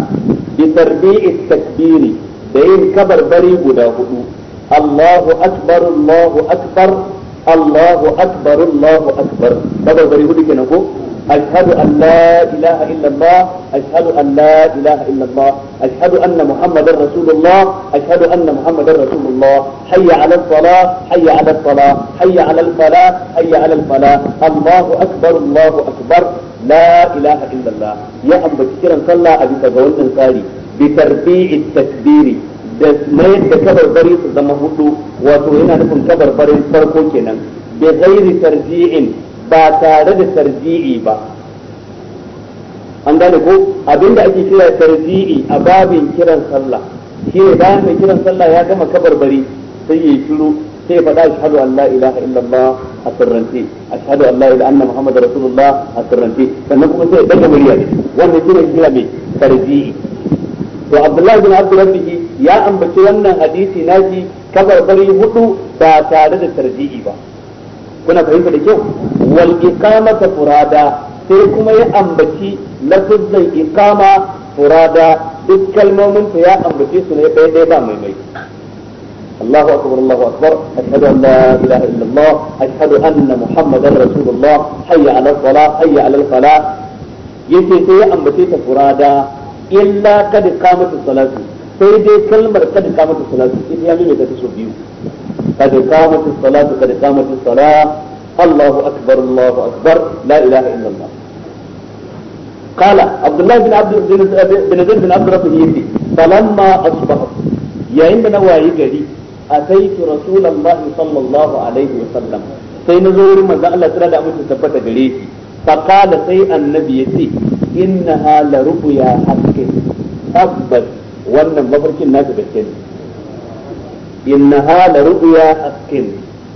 bi tarbi'i takbiri da yin kabarbari guda hudu Allahu akbar Allahu akbar Allahu akbar Allahu akbar kabarbari hudu kenan ko أشهد أن لا إله إلا الله أشهد أن لا إله إلا الله أشهد أن محمد رسول الله أشهد أن محمد رسول الله حي على الصلاة حي على الصلاة حي على الفلاح حي على الفلاح الله أكبر الله أكبر لا إله إلا الله يا أم كثيرا صلى أبي تقول إنساني بتربيع التكبير da mayar da kabarbari su zama hudu wato yana nufin kabarbarin farko kenan tarji'in ba tare da tarji'i ba an gane ko abinda ake kira tarji'i a babin kiran sallah shi ne bayan mai kiran sallah ya gama kabarbari sai ya yi shiru sai ya faɗa ashhadu an la ilaha illallah a sirrance ashhadu an la ilaha anna muhammadar rasulullah a sirrance sannan kuma sai ya daga murya wannan shi ne kira mai tarji'i to abdullahi bin abdul rabbihi ya ambaci wannan hadisi naji kabarbari hudu ba tare da tarji'i ba kuna fahimta da kyau wal iqamata furada sai kuma ya ambaci lafzan iqama furada duk kalmomin ta ya ambace su ne ɗaya ɗaya ba mai mai الله أكبر الله أكبر أشهد أن لا إله إلا الله أشهد أن محمدا رسول الله حي على الصلاة حي على الفلاح yace sai ya ambace ta furada illa kad qamatu salatu sai dai kalmar kad qamatu salatu ita ya mai ta biyu قد قامت الصلاة قد قامت الصلاة الله أكبر الله أكبر لا إله إلا الله قال عبد الله بن عبد بن زيد بن عبد ربه يدي فلما أصبحت يا عندنا وعيقري أتيت رسول الله صلى الله عليه وسلم سينا زور ما زال ترى دعوة تثبت قريتي فقال سي النبي يتي إنها لرؤيا حق تبت وأن مفرك الناس بالكذب innaha la ru'ya haqqin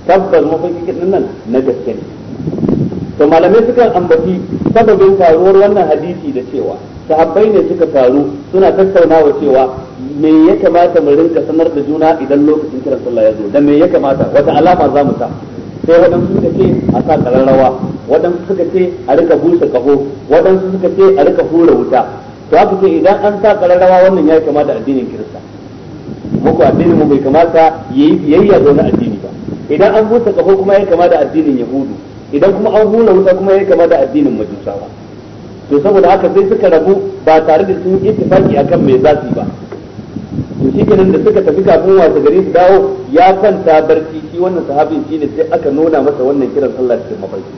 tabbas mafarki nan na gaske ne to malamai suka ambaci sababin faruwar wannan hadisi da cewa sahabbai ne suka taru suna tattaunawa cewa me ya kamata mu rinka sanar da juna idan lokacin kiran sallah ya zo da me ya kamata wata alama za mu sa sai waɗansu suka ce a sa kararrawa waɗansu suka ce a rika busa kaho waɗansu suka ce a rika hura wuta to haka ce idan an sa kararrawa wannan ya kamata addinin kirista ko ko mu bai kamata yayi biyayya ga wani addini ba idan an busa kafo kuma ya kama da addinin yahudu idan kuma an hula wuta kuma ya kama da addinin majusawa to saboda haka sai suka rabu ba tare da sun ittifaki akan me za su ba to shi da suka tafi kafin wasu gari su dawo ya kwanta barci shi wannan sahabin shine sai aka nuna masa wannan kiran sallah cikin mafarki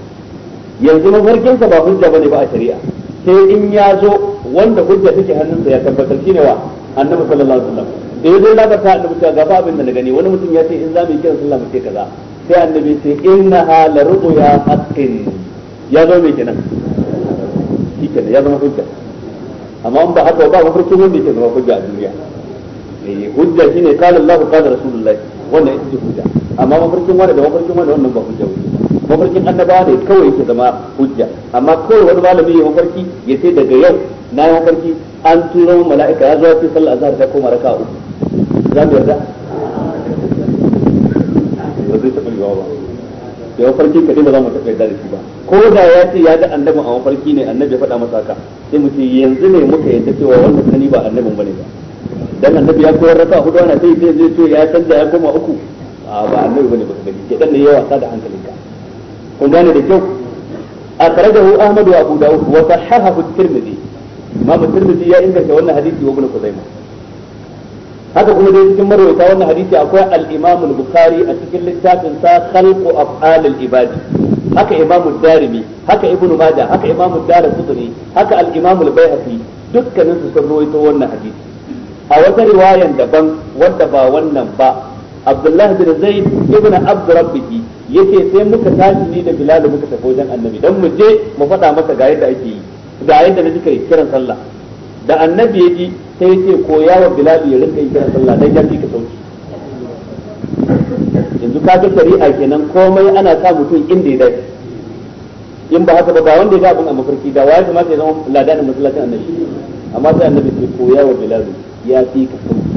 yanzu mafarkinsa ba hujja bane ba a shari'a sai in ya zo wanda hujja take hannunsa ya tabbatar shine wa annabi sallallahu alaihi wasallam eh zai da ta sa annabi cewa gafa abin da na gani wani mutum ya ce in za mu yi kiran sallah mu ce kaza sai annabi ce ha la ru'ya haqqin ya zo mai kenan shi kenan ya zama hujja amma in ba haka ba mafarkin wanda yake zama hujja a duniya eh hujja shine qala Allah qala rasulullah wannan ita ce hujja amma mafarkin wanda da mafarkin wanda wannan ba hujja ba mafarkin annabawa ne kawai yake zama hujja amma kawai wani malami ya mafarki ya ce daga yau na yi mafarki an turo mala'ika ya zo ya ce sallah azhar ta koma raka'a uku za mu mu taɓa yarda da ko da ya ce ya ga a mafarki ne annabi ya faɗa masa haka sai mu yanzu ne muka yarda cewa wannan sani ba annabin bane ba dan annabi ya koyar raka hudu ana sai sai zai ce ya canza ya koma a ba annabi bane ba gani ke dan ne yawa sa da hankalinka kun gane da kyau ahmad wa abu dawud wa sahahahu at-tirmidhi tirmidhi ya inganta wannan hadisi wa ibn kuzaimah haka kuma dai cikin marwaita wannan hadisi akwai al-Imam al-Bukhari a cikin littafin sa khalqu af'al al-ibad haka Imam ad-Darimi haka Ibn Majah haka Imam ad-Darqutni haka al-Imam al-Baihaqi dukkanin su sun rawaito wannan hadisi a wata riwayan daban wanda ba wannan ba Abdullah bin Zaid ibn Abd ya yace sai muka tashi ni da Bilal muka tafi wajen Annabi dan mu je mu faɗa masa ga yadda ake yi ga yadda na kai kiran sallah da Annabi ya ji sai ce ko yawa bilal ya rinka yi kira sallah dan ya fi ka sauki yanzu ka ga shari'a kenan komai ana sa mutum inda ya dace in ba haka ba ba wanda ya ga abin a mafarki da waye kamata ya zama ladanin masallacin annabi amma sai annabi ce ko wa bilal ya fi ka sauki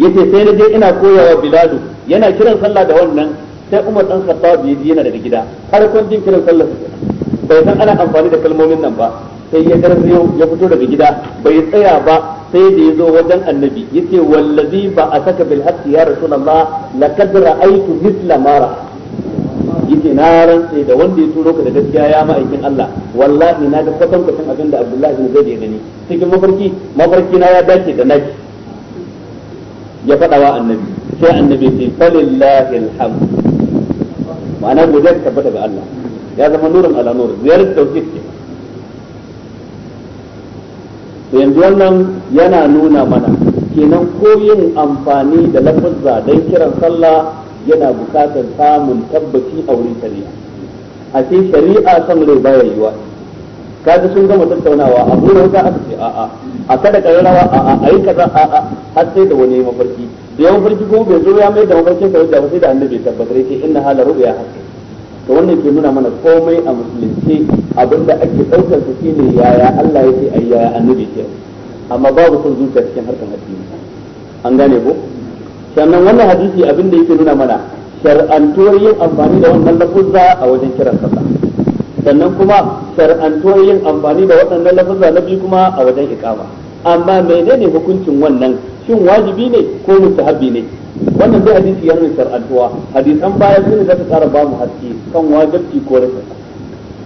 yace sai na je ina koyawa bilal yana kiran sallah da wannan sai Umar dan Khattab ya ji yana daga gida har kun jin kiran sallah bai san ana amfani da kalmomin nan ba sai ya garzayo ya fito daga gida bai tsaya ba sai da ya zo wajen annabi ya ce wallazi ba a saka bil haqqi ya rasulullah laqad ra'aytu mithla ma ra'a yace na da wanda ya turo ka da gaskiya ya ma'aikin Allah wallahi na ga kwatan kwatan abin da Abdullahi zai Zaid ya gani cikin mafarki mafarki na ya dace da naki ya faɗa wa annabi sai annabi sai falillahi alhamd ma'ana godiya ta tabbata ga Allah ya zama nurin ala nur ziyarar tauhid kenan to yanzu wannan yana nuna mana kenan ko yin amfani da lafazza don kiran sallah yana bukatar samun tabbaci a wurin shari'a a ce shari'a san rai baya yiwa kaga sun gama tattaunawa a gura ka aka ce a'a a kada rawa a'a a yi kaza a'a har sai da wani mafarki da yawan farki ko bai zo ya mai da mafarkin sarauta ba sai da annabi tabbatar yake inna hala ya haske to wannan ke nuna mana komai a musulunci abinda ake daukar su shine yaya Allah yake ayi yaya annabi ke amma babu son zuciya cikin harkan addini an gane ko sannan wannan hadisi abinda yake nuna mana shar'antuwar yin amfani da wannan lafuzza a wajen kiran sallah sannan kuma shar'antuwar yin amfani da waɗannan lafuzza na biyu kuma a wajen iqama amma menene hukuncin wannan shin wajibi ne ko mustahabi ne wannan zai hadisi ya nuna shar'antuwa hadisan baya sun za ta ƙara ba mu haske kan wajibci ko rashin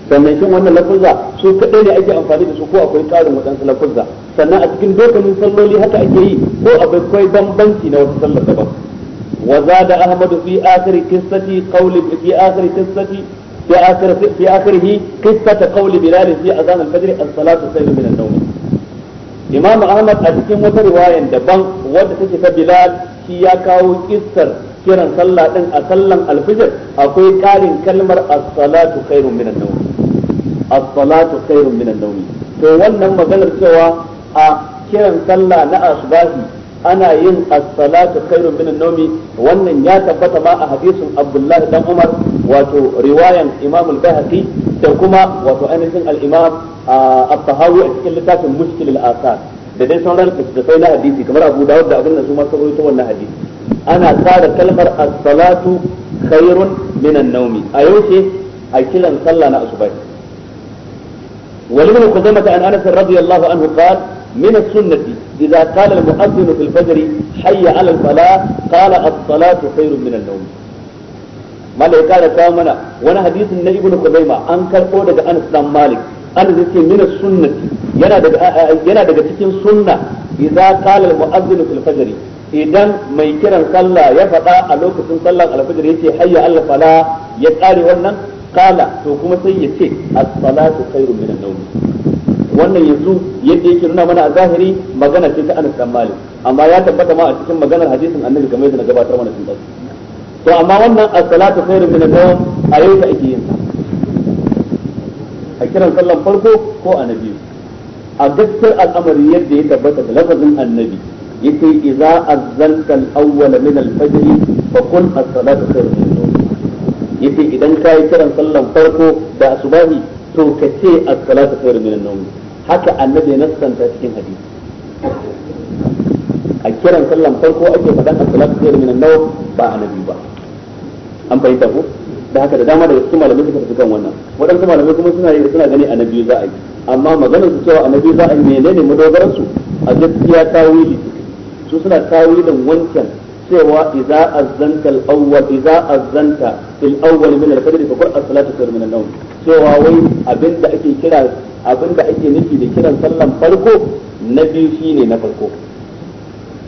sannan shin wannan lafuzza su kadai ne ake amfani da su ko akwai karin waɗansu lafuzza sannan a cikin dokanin salloli haka ake yi ko akwai bambanci na wasu sallar daban وزاد ahmadu في آخر قصة قول في آخر قصة في آخر في آخره قصة قول بلال في imam ahmad a cikin wata riwayan daban wadda take ta bilal shi ya kawo kissar kiran sallah din a sallan alfijir akwai karin kalmar as-salatu khairun minan as-salatu khairun minan to wannan maganar cewa a kiran sallah na asbahi ana yin as-salatu khairun min an wannan ya tabbata ma a hadisin Abdullah dan Umar wato riwayan Imam al-Bahaqi da kuma wato ainihin al-Imam at-Tahawi a cikin littafin Mushkil al-Asar da dai sauran da sai na hadisi kamar Abu Dawud da abin da su ma sun rawaito wannan hadisi ana tsara kalmar as-salatu khairun min an-nawmi a yaushe a kiran sallah na asubai ولمن خزيمة عن أنس رضي radiyallahu anhu قال من السنة إذا قال المؤذن في الفجر حي على الفلاح قال الصلاة خير من النوم ما لا يقال كامنا وانا حديث النبي بن خزيمة أنكر قولة عن إسلام مالك أنا ذكي من السنة yana daga cikin sunna idza qala al-mu'adhdhin idan mai kiran sallah ya faɗa a lokacin sallar al yace hayya Allah fala ya tsare wannan kala to kuma sai ya ce as-salatu khairu min an-nawm wannan yanzu yadda yake nuna mana a zahiri magana ce ta Anas dan Malik amma ya tabbata ma a cikin maganar hadisin Annabi kamar yadda na gabatar mana sun to amma wannan as-salatu khairun min an-nawm a yau da ake yin a kiran sallan farko ko annabi a gaskiyar al'amari yadda ya tabbata da lafazin annabi yace idza azzalta al-awwal min al-fajr fa kun as-salatu khairun min an-nawm yace idan kai kiran sallan farko da asubahi to ka ce as-salatu khairun min an-nawm haka annabi na santa cikin hadisi a kiran sallan farko ake faɗan as-salatu khairu minan nawm ba annabi ba an fahimta ko da haka da dama daga su malamai suka tafi kan wannan waɗansu malamai kuma suna yi suna gani annabi za a yi amma maganar su cewa annabi za a yi menene madogaran a gaskiya tawili su suna tawilin wancan cewa idza azzanta al-awwal idza azzanta fil awwal min al-fajr fa qur'a salatu khairu min an-nawm cewa wai abinda ake kira abinda ake nufi da kiran sallan farko na biyu shine na farko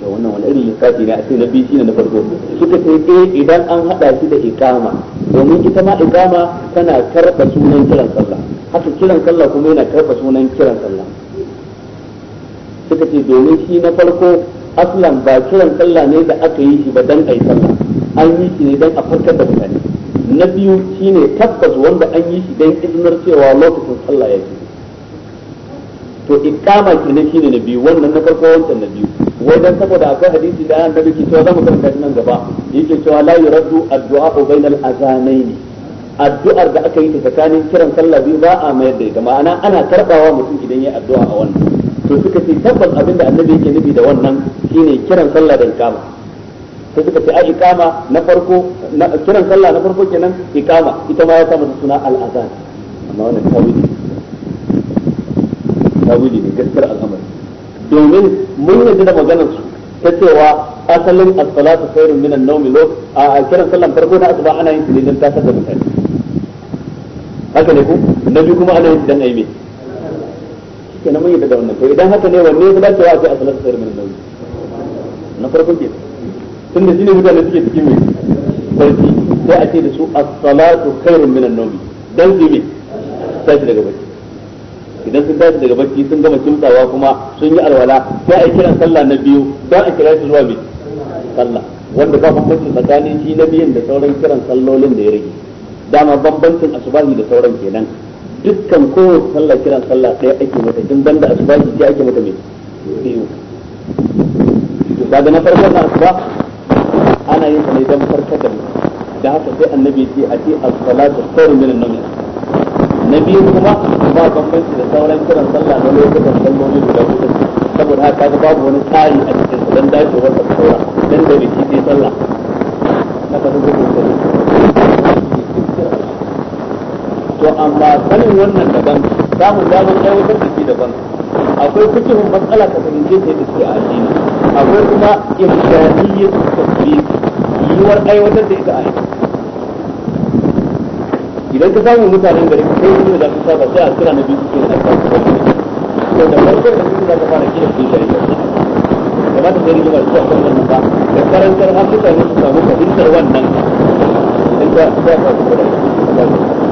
to wannan wani irin lissafi ne a ce na biyu shine na farko suka ce eh idan an hada shi da iqama domin ita ma iqama tana karba sunan kiran sallah haka kiran sallah kuma yana karba sunan kiran sallah suka ce domin shi na farko aslan ba kiran sallah ne da aka yi shi ba dan ai sallah an yi shi ne dan a farkar da mutane na biyu shine tabbas wanda an yi shi dan iznar cewa lokacin sallah ya ce to ikama ki ne shine na biyu wannan na farko wancan na biyu wai dan saboda akwai hadisi da annabi ke cewa zamu karanta nan gaba yake cewa la yuraddu addu'a bainal ne addu'ar da aka yi ta tsakanin kiran sallah biyu ba a mayar da ita ma'ana ana karbawa mutum idan ya addu'a a wannan to suka ce tabbas abin da annabi yake nufi da wannan shine kiran sallah da ikama sai suka ce a ikama na farko kiran sallah na farko kenan ikama ita ma ya samu mata suna al-azan amma wannan tawili tawili ne gaskiyar al'amari domin mun yi da maganar su ta cewa asalin as-salatu khairun min an-nawmi lo a kiran sallah farko na asuba ana yin shi ne dan tasar da mutane haka ne ku nabi kuma ana yin dan aime kenan mun yadda da wannan to idan haka ne wanne ya dace wa sai a salatu sayar min nauyi na farkon ke tun da shine mutane suke cikin mai barci sai a ce da su as-salatu khairun min an-nawmi dan su me tashi daga barci idan sun tashi daga barci sun gama kimtsawa kuma sun yi alwala sai a kira sallah na biyu dan a kira shi zuwa me sallah wanda ba bambanci tsakanin shi na biyan da sauran kiran sallolin da ya rage dama bambancin asubahi da sauran kenan dukkan ko sallah kira sallah ɗaya ake mata tun banda asuba ki ce ake mata mai biyu to kaga na farko na asuba ana yin ne dan farkar da da haka sai annabi ce a ce as-salatu khairu min an-nawm na biyu kuma ba bambanci da sauran kiran sallah na lokacin salloli da lokacin saboda haka kaga babu wani tsari a cikin dan dacewar da sallah dan da biki sai sallah haka suke to amma sanin wannan daban samun damar aiwatar da shi daban akwai fikihun matsala ka fahimce ta da suke a addini akwai kuma irshadiyyar tafsiri yiwuwar aiwatar da ita a aiki idan ka samu mutanen gari ka kai da ka saba sai a kira na biyu cikin alfarki to da farko da su za ka fara kira su shari'a da ba ta sai rigimar su a kan ba da karantar har mutane su samu fahimtar wannan idan ka sa kuma da su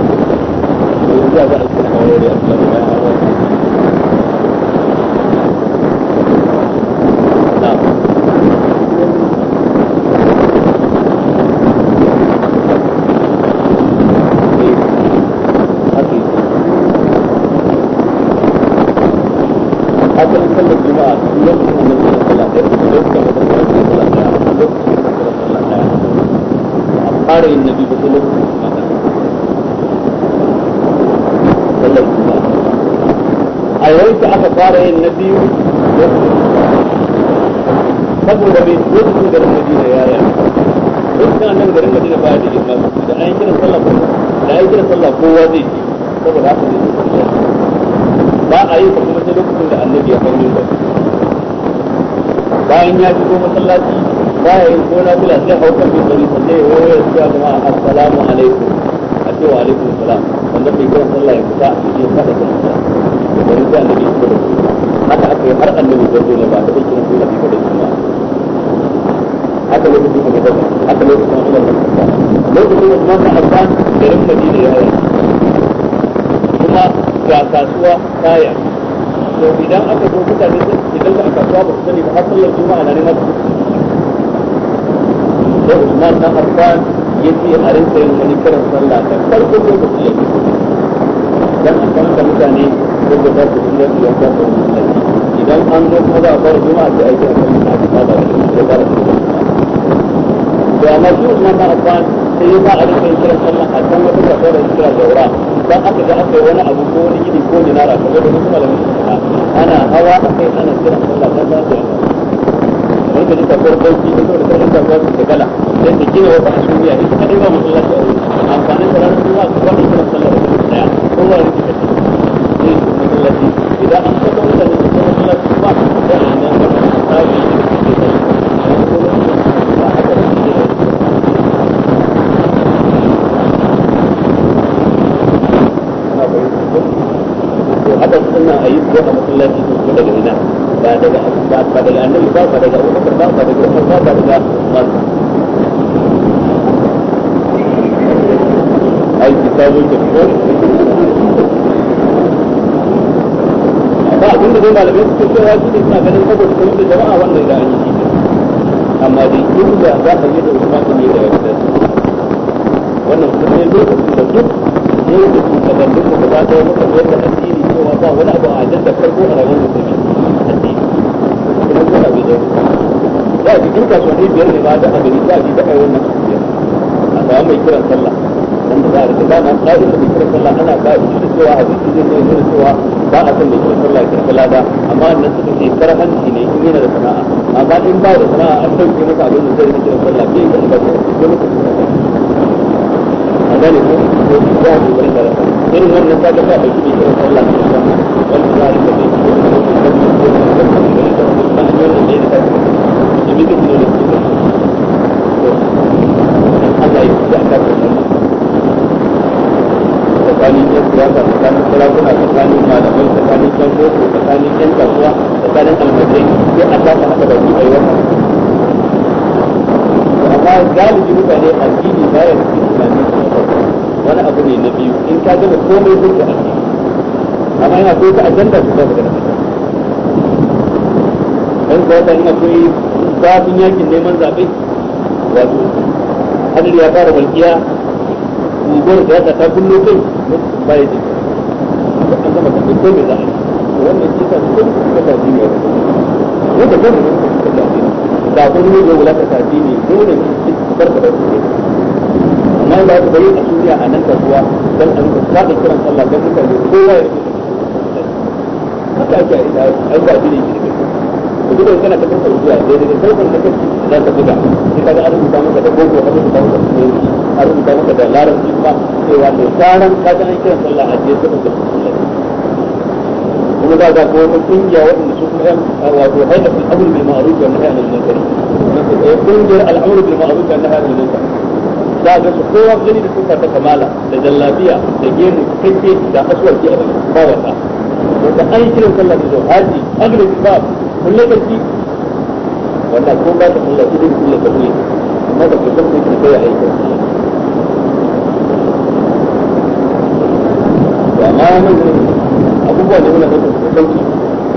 ہے fara yin na biyu saboda bai lokacin garin madina ya yi lokacin annan garin madina ba da yin masu da an kira sallah da an kira sallah kowa zai ji saboda ba a yi kuma sai lokacin da annabi ya fara yin bayan ya shigo masallaci ba ya yin gona bila sai haukar bin sani sannan ya wayo ya cewa assalamu alaikum a cewa alaikum salam wanda bai kira sallah ya fita ya kuma domin sai annabi ya da suna haka aka yi har annabi zo ne ba da da haka da haka da lokacin da kuma ta'adda garin ya kuma ga kasuwa kaya to idan aka zo idan kasuwa ba sani ba har sallar juma'a na ne Usman dan Affan a yin wani kiran sallah da farko mutane كل فرد سنة يعتبر مسلما إذا أنظر ماذا أقول جماعة أيديها كلمة هذا عبارة ومجوز لما أقول سيما على الإنسان صلى الله عليه وسلم كما قال الإنسان زوراء فأخذ أخي وأنا أبو كوني جدي كوني نارا فقال لكم على أنا هوا أخي أنا سنة صلى الله عليه وسلم wanda ta tafi dauki da kuma da ta tafi da gala sai ta gina wata hasumiya ita kadai ba mutum lafiya amfanin da ranar zuwa ga wannan sallar da ta tsaya kowa ya rike ta إذا أنت قلت للإنسان لك واحد يعني ما haka suna a yi ko a masallaci su su daga ina ba daga ba daga annabi ba ba daga abubakar ba ba daga umar ba ba daga masu aiki sabon da ko abinda dai malamai suke cewa shi ne suna ganin saboda kuma jama'a wannan da ake yi amma dai inda za ka yi da wasu masu ne da ya fitar wannan kuma ne lokacin da duk ne da su kabannin da gaba ɗaya muka zo da addini cewa ba wani abu a ajiyar farko a rayuwar musulmi addini kuma kuma bai da za a ji duka sau ne biyar ne ma da a gani za a ji da kai wannan a samu mai kiran sallah wanda za a rika dama ƙa'idar mai kiran sallah ana ba shi a cewa hadisi zai zai nuna cewa ba a san da ke sallah ya karɓi lada amma nan suka ce karhanci ne in yana da sana'a amma in ba da sana'a an ɗauke masa abin da zai yi kiran sallah bai kan ba ko mutum a gane ko ko ya ji wani da irin wannan ta ga ba da shi kiran sallah ne wani da ya rika da shi da hanyoyin da ya rika da bi da shi ne da shi Allah ya ji a kan tsakanin yan siyasa tsakanin sarakuna tsakanin malamai tsakanin yan boko tsakanin yan kasuwa tsakanin almajirai sai a kasa haka da ki aiwata amma galibi mutane addini baya da cikin tunanin wani abu ne na biyu in ka gama komai sai ka addini amma yana ko ta ajanda su ba daga dan ko da ina koyi babin yakin neman zabe wato hadari ya fara walkiya rigar da ya ta kai bai da an gama kan a wannan shi ta ne da kan da ta dole ne da amma da a a nan kasuwa da kiran Allah dan ka ne kowa ya haka ake a ba ne ku duka kana ta kasar zuwa daidai da sauƙin da za ka buga sai ka ga an rubuta maka da da da a rubuta maka da larabci ba cewa da tsaran kasanin kiran sallah a jiya saboda musulmai kuma za ka kowa kungiya waɗanda su kuma wato haifafin abin mai ma'aruf da nahi anil munkar kungiyar al'amuru bil ma'aruf da nahi anil munkar za ga su kowa gani da suka ta kamala da jallabiya da gemu kake da aswarki a ba wata wanda an yi kiran sallah da jihadi agribi ba kullum karfi wanda ko ba ta kullum idan kullum karfi amma da kullum kai kai aiki abubuwa ne wanda sauki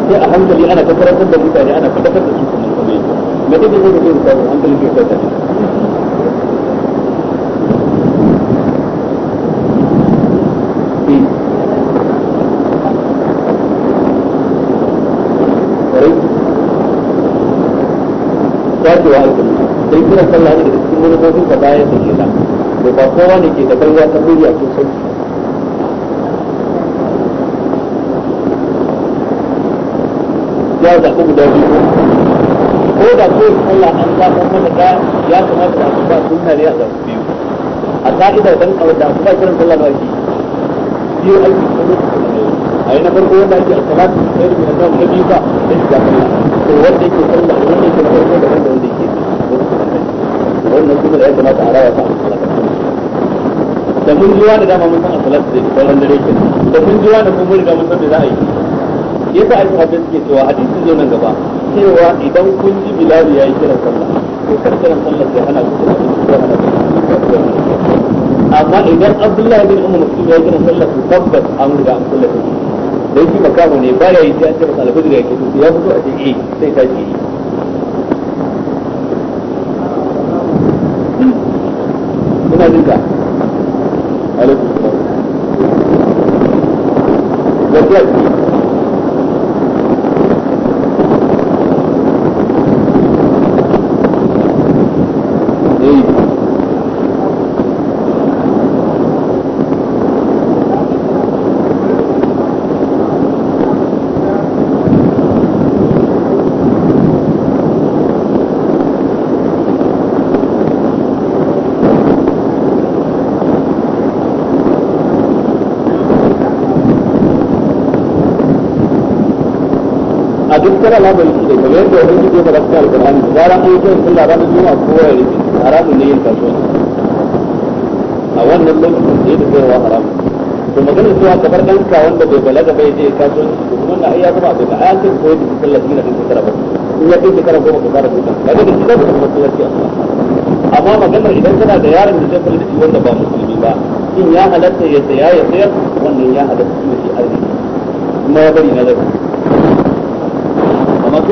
sai a hankali ana tabbatar da mutane ana tabbatar da su kuma kuma me kake so ka ce hankali ke kai ne dacewa sai kiran sallah ne da cikin manufofin ka bayan da ke da ba kowa ne ke da baiwa ta murya ko sauki za a zaɓi guda biyu ko da ko Allah an zaɓa da ya kamata da asuba na a zaɓi biyu a ka'ida dan kawai da asuba kiran sallah ba shi biyu aiki ko a yi na farko wanda ake sai da mutum na biyu ba sai da sallah to wanda yake sallah wanda yake farko da wanda wanda yake wannan kuma da ya kamata a rawa ta da mun ji wani dama mun san da dare ke da mun ji wani kuma mun san da za a yi yasa ai sahabbai suke cewa hadisi zo nan gaba cewa idan kun ji bilal ya yi kiran sallah ko kar kiran sallah sai hana ku da hana ku amma idan abdullah bin umar mutum ya yi kiran sallah to tabbas an riga an kula da dai shi makamu ne baya yi sai an salafi da yake ya ya fito a ce eh sai ta ce kuna ina ka alaikum salam duk kana na bai shi kamar yadda wani shi ke fara cikin alkur'ani da zaran an yi sun labarin da juma'a ko ya rike haramun ne yin kasuwanci a wannan lokacin da ya da zai wa haramun to magana cewa kamar dan ka wanda bai balaga bai je kasuwanci to kuma na iya zama bai ba'a kai ko da sallah dina din shekara ba in ya kai shekara goma ka fara duka kaga da shi da kuma sallah amma maganar idan kana da yaron da zai kula da shi wanda ba musulmi ba in ya halatta ya saya ya sayar wannan ya halatta shi ne arziki kuma ya bari na zai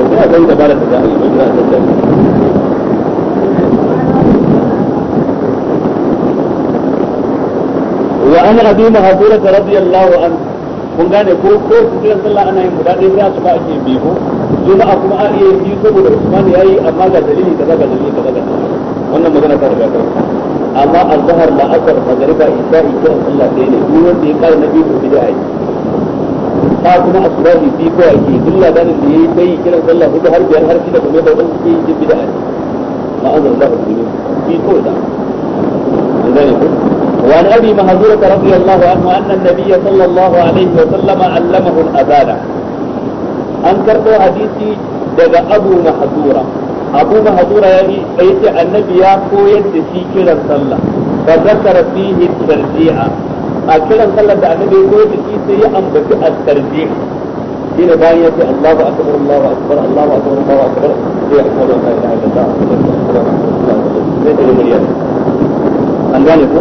وجاء زيد بارك الله فيك وجاء زيد وعن ابي مهدورة رضي الله عنه من كان يقول كل فكرة صلى الله عليه وسلم من راس بعض يبيه ثم أقوم أي يوسف والعثمان أي أما جدلي كذا جدلي كذا جدلي وانا مدنة كربية أما الظهر لا أثر فجربة إساء إساء الله تيني ويوان تيقى النبي في بداية amma kuma asbabi bi ko ake duk labarin da yayi bai kira sallah hudu har biyar har shida kuma ba wanda yake yin bid'a ne ma'azan Allah ku ne bi ko da zai ku وعن ابي مهزوره رضي الله عنه ان النبي صلى الله عليه وسلم علمه الاذان an karɓo hadisi daga abu mahadura abu mahadura ya yi ce annabi ya koyar da shi kiran sallah fa zakara fihi tarji'a a kiran sallar da annabi ya koyar da shi sai ya ambaci al tarjih shi ne bayan ya ce Allahu akbar Allahu akbar Allahu akbar Allahu akbar sai ya kuma wannan da Allah sai da murya an gane ko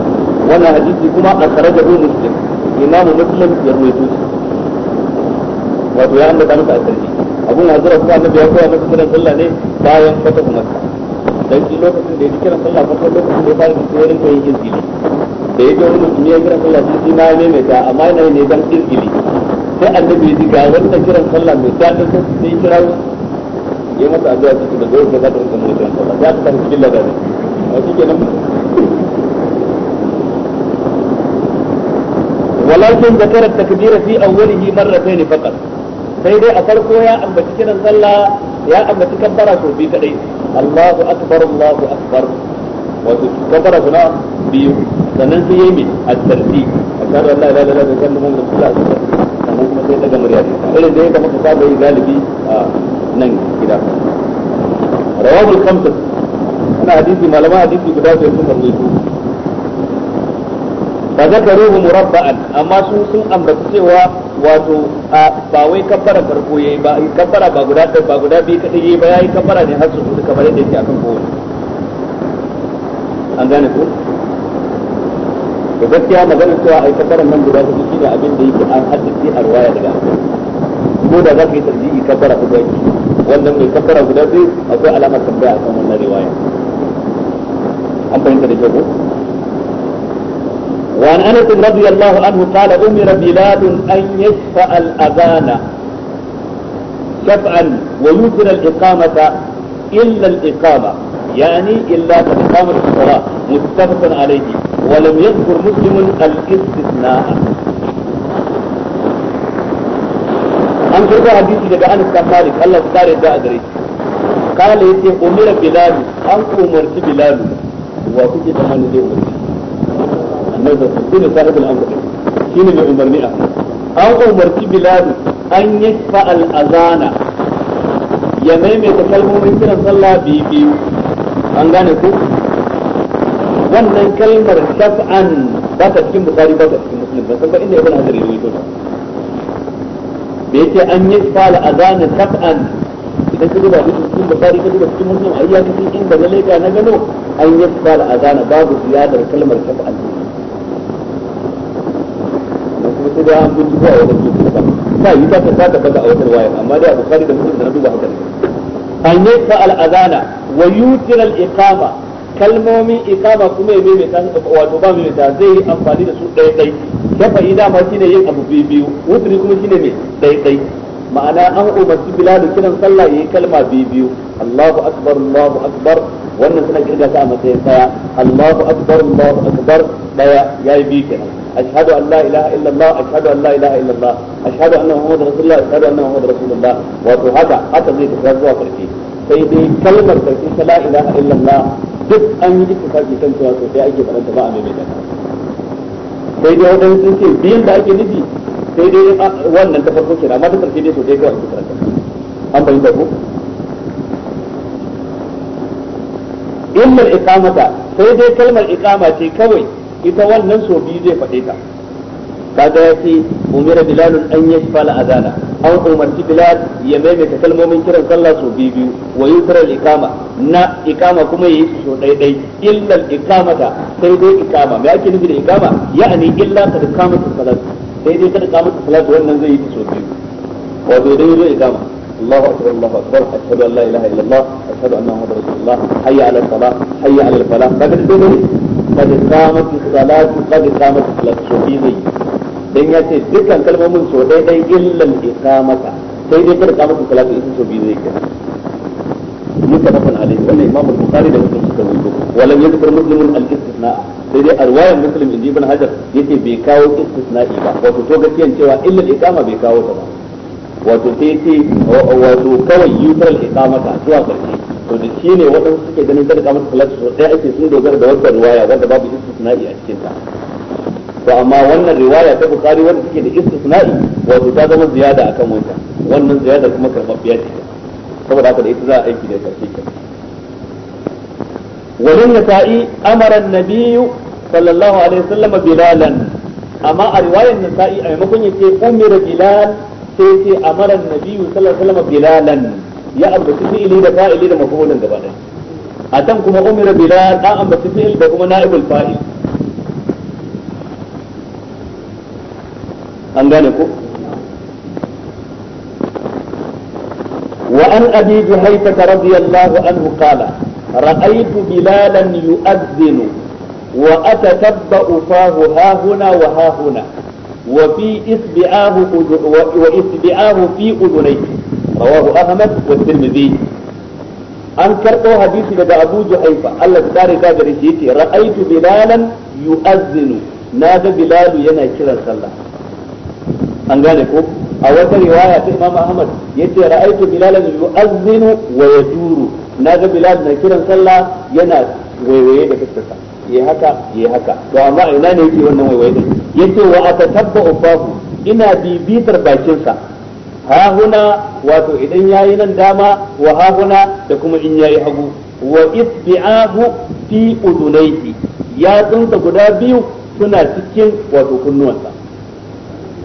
wannan hadisi kuma a akhrajahu muslim imam muslim ya ruwaito shi wato ya ambata masa al tarjih abun hazira kuma annabi ya koya masa kiran sallah ne bayan fata makka dan shi lokacin da ya kiran sallah ko lokacin da ya fara da tsoron yin izini da ya ga wani mutum ya kira sallah shi na ta amma yana ne dan izgili sai annabi ya ji ga wanda kiran sallah mai ta daɗin sai sai kira ya masa addu'a cikin da zai kaza da wannan mutum sallah ya ta tafi cikin ladabi a cikin nan walakin zakara takbira fi awwalihi marratayn faqat sai dai a farko ya ambaci kiran sallah ya ambaci kabbara sau biyu kadai Allahu akbar Allahu akbar wato kabbara kuma biyu sannan sai yayi a tarti a shaɗu Allah la mun da kula da sannan kuma sai daga murya irin da yake muka saba yi galibi a nan gida rawabul khamsa ana hadisi malama hadisi guda sai sun rubuto fa ruhu murabba'an amma su sun ambata cewa wato ba wai kafara farko yayi ba kafara ba guda ba guda biyu kadai yayi ba yayi kafara ne har su kamar yadda yake akan kowa an gane ko da gaskiya magana cewa a kasarar nan guda ta shi ne abin da yake an haddace a ruwaya daga ko da za ka yi tarjihi kabbara guda biyu wannan mai kabbara guda biyu akwai alamar tambaya akan wannan riwaya an fahimta da kyau وعن انس رضي الله عنه قال امر بلاد ان يشفع الاذان شفعا ويوتر الاقامه الا الاقامه يعني الا اقامه الصلاه متفق عليه ولم يذكر مسلم الاستثناء an karɓi hadisi daga Anas ta Malik Allah ta kare da a gare shi kala yace umira bilal an umarci bilal wa kuke da hannu zai umarci annabi sallallahu alaihi wasallam shine mai umarni a an umarci bilal an yashfa al azana ya maimaita kalmomin kiran sallah biyu biyu an gane ku wannan kalmar shaf'an ba ta cikin bukari ba ta cikin musulun ba san ba inda ibn hajar ya rawaito ta da yake an yi a zane shaf'an idan ka duba cikin bukari ka duba cikin muslim ai ya kace inda na leka na gano an yi a zane babu ziyadar kalmar shaf'an kuma sai da an gudu zuwa wajen cikin kusa ba yi ta ta ta kaza a wajen riwaya amma dai a bukari da musulun da na duba haka an yi fal azana wa yutir al iqama kalmomin ikama kuma ya maimaita wato ba maimaita zai yi amfani da su ɗaya ɗai shafa yi dama shine yin abu biyu biyu wuturi kuma shine mai ɗaya ɗai ma'ana an umarci bilal kiran sallah yayi kalma biyu biyu Allahu akbar Allahu akbar wannan suna kirga ta a matsayin daya Allahu akbar Allahu akbar daya yayi biyu kenan ashhadu an la ilaha illallah ashhadu an la ilaha illallah ashhadu anna muhammadar rasulullah ashhadu anna muhammadar rasulullah wato haka haka zai tafi zuwa karshe sai dai kalmar karshe ta la ilaha illallah duk an yi ittifaqi kan cewa to sai ake faranta ba a mai da sai dai wadanda sun ce biyan da ake nufi sai dai wannan ta farko kenan amma ta karshe dai to dai kawai ake faranta an bayyana ko illa ikamata sai dai kalmar ikama ce kawai ita wannan so biyu zai faɗe ta kaga ya ce umira bilal an yi fala azana an umarci bilal ya maimaita kalmomin kiran sallah su bi biyu wa yusra ikama na ikama kuma yayi su so dai dai illa ikamata sai dai ikama me ake nufi da ikama ya'ani illa kad kamata salat sai dai kad kamata salat wannan zai yi su so biyu wato dai dai ikama الله اكبر الله اكبر اشهد ان لا اله الا الله اشهد ان محمدا رسول الله حي على الصلاه حي على الفلاح قد قامت الصلاه قد قامت الصلاه شو dan ya ce dukkan kalmomin so dai dai illal iqamata sai dai kada muku salatu in so biyu zai kira mutafaqan alai wannan imam al-bukhari da muslim suka rubuto walam yadhkur muslimun al-istithna sai dai arwaya muslim inji ibn hajar yace bai kawo istithna'i ba wato to gaskiyan cewa illal iqama bai kawo ta ba wato sai ce wato kawai yutar iqamata zuwa karshe to da shi ne waɗansu suke ganin kada muku salatu so dai ake sun dogara da wannan riwaya wanda babu istithna'i a cikin ta to amma wannan riwaya ta bukhari wanda take da istisna'i wato ta zama ziyada akan wata wannan ziyada kuma karbabbiya ce saboda haka da ita za a aiki da karshe ke wajen nasa'i amara nabiyyu sallallahu alaihi wasallam bilalan amma a riwayar nasa'i a maimakon ce umira bilal sai ce amara nabiyyu sallallahu alaihi wasallam bilalan ya ambaci fi'ili da fa'ili da maf'ulin gaba ɗaya a can kuma umira bilal an ambaci fi'il da kuma na'ibul fa'il an gane ko wa an abi juhayfa radiyallahu anhu qala ra'aytu bilalan yu'adhdhinu wa atatabba'u fahu ha huna wa وفي إصبعاه وإصبعاه في أذنيه رواه أحمد والترمذي an karɓo hadisi daga abuja Juhaifa Allah ta tare ka gare shi yace ra'aitu bilalan yu'azzinu naga bilal yana kiran sallah an gane ko a wata riwaya ta Imam Ahmad yace ra'aytu bilalan yu'azzinu wa na naga bilal na kiran sallah yana waiwaye da fuskarsa yi haka yi haka to amma ina ne yake wannan waiwaye din yace wa atatabba ufahu ina bibitar bakinsa ha huna wato idan yayi nan dama wa ha huna da kuma in yayi hagu wa isbi'ahu fi udunayhi ya tsunta guda biyu suna cikin wato kunnuwansa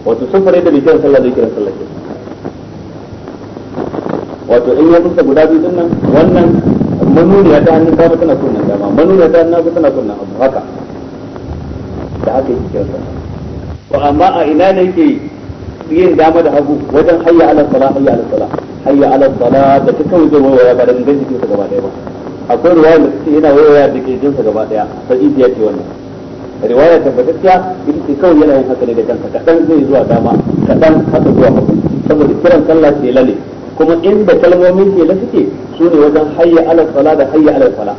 wato sun fara yadda da bikin sallah zai kiran sallah ke wato in ya kusa guda biyu dinnan wannan manuniya ta hannun dama tana kunnan dama manuniya ta hannun tana kunnan abu haka da aka yi kiran sallah to amma a ina ne yake yin dama da hagu wajen hayya ala sala hayya ala sala hayya ala sala da ta kawai zai waya ba da gangan jikinsa gaba daya ba akwai ruwa da suke yana waya da ke jinsa gaba daya sai ya ce wannan riwaya tabbatacciya ita ce kawai yana yin haka ne da kanka kadan zai zuwa dama kadan haka zuwa hagu saboda kiran sallah ce lale kuma inda kalmomin ke la suke su ne wajen hayya ala sala da hayya ala sala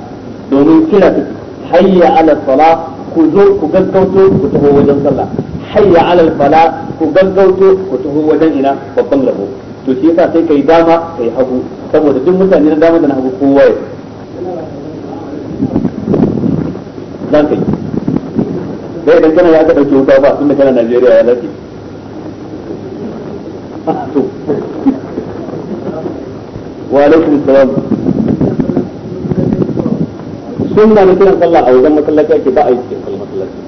domin kira suke hayya ala sala ku zo ku gaggauto ku taho wajen sallah hayya ala fala ku gaggauto ku taho wajen ina babban labo to shi yasa sai kai dama kai hagu saboda duk mutane na dama da na hagu kowa ya sai idan kana ya ka dauke wuta ba tunda kana Najeriya ya lafi to wa alaikum salam sunna na kiran sallah a wajen masallaci ake ba a yi cikin masallaci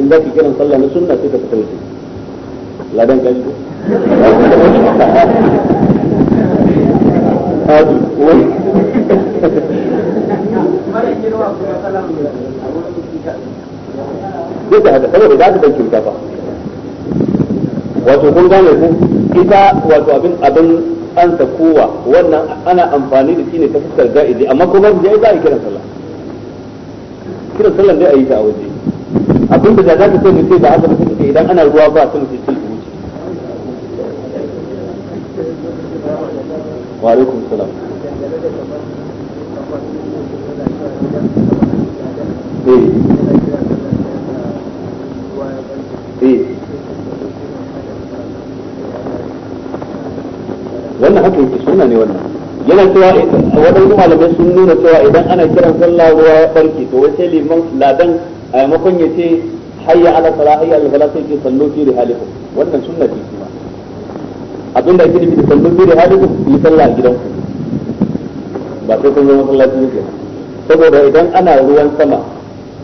in za ki kiran sallah na sunna sai ka fita wuce ladan gashi Hadi, wai. Mara zai ta haddasa saboda za ta bai kyauta ba wato kun gane ku ita wato abin abin an kowa wannan ana amfani da shi ne ta fuskar ga'idi amma kuma ya za a yi kiran sallah kiran sallah dai a yi ta a waje abin da za ka ce mu ce da haka mutum ce idan ana ruwa ba sun ce cin wuce wa alaikum salam eh sunna ne wannan yana cewa waɗansu malamai sun nuna cewa idan ana kiran sallah ruwa ya barki to wace liman ladan a maimakon ya ce hayya ala sala hayya ala sala sai ke sallo fi rihalikum wannan sunna ce kuma abin da ake nufi da sallo fi rihalikum yi sallah a gidanku ba sai kun zo masallaci ne kenan saboda idan ana ruwan sama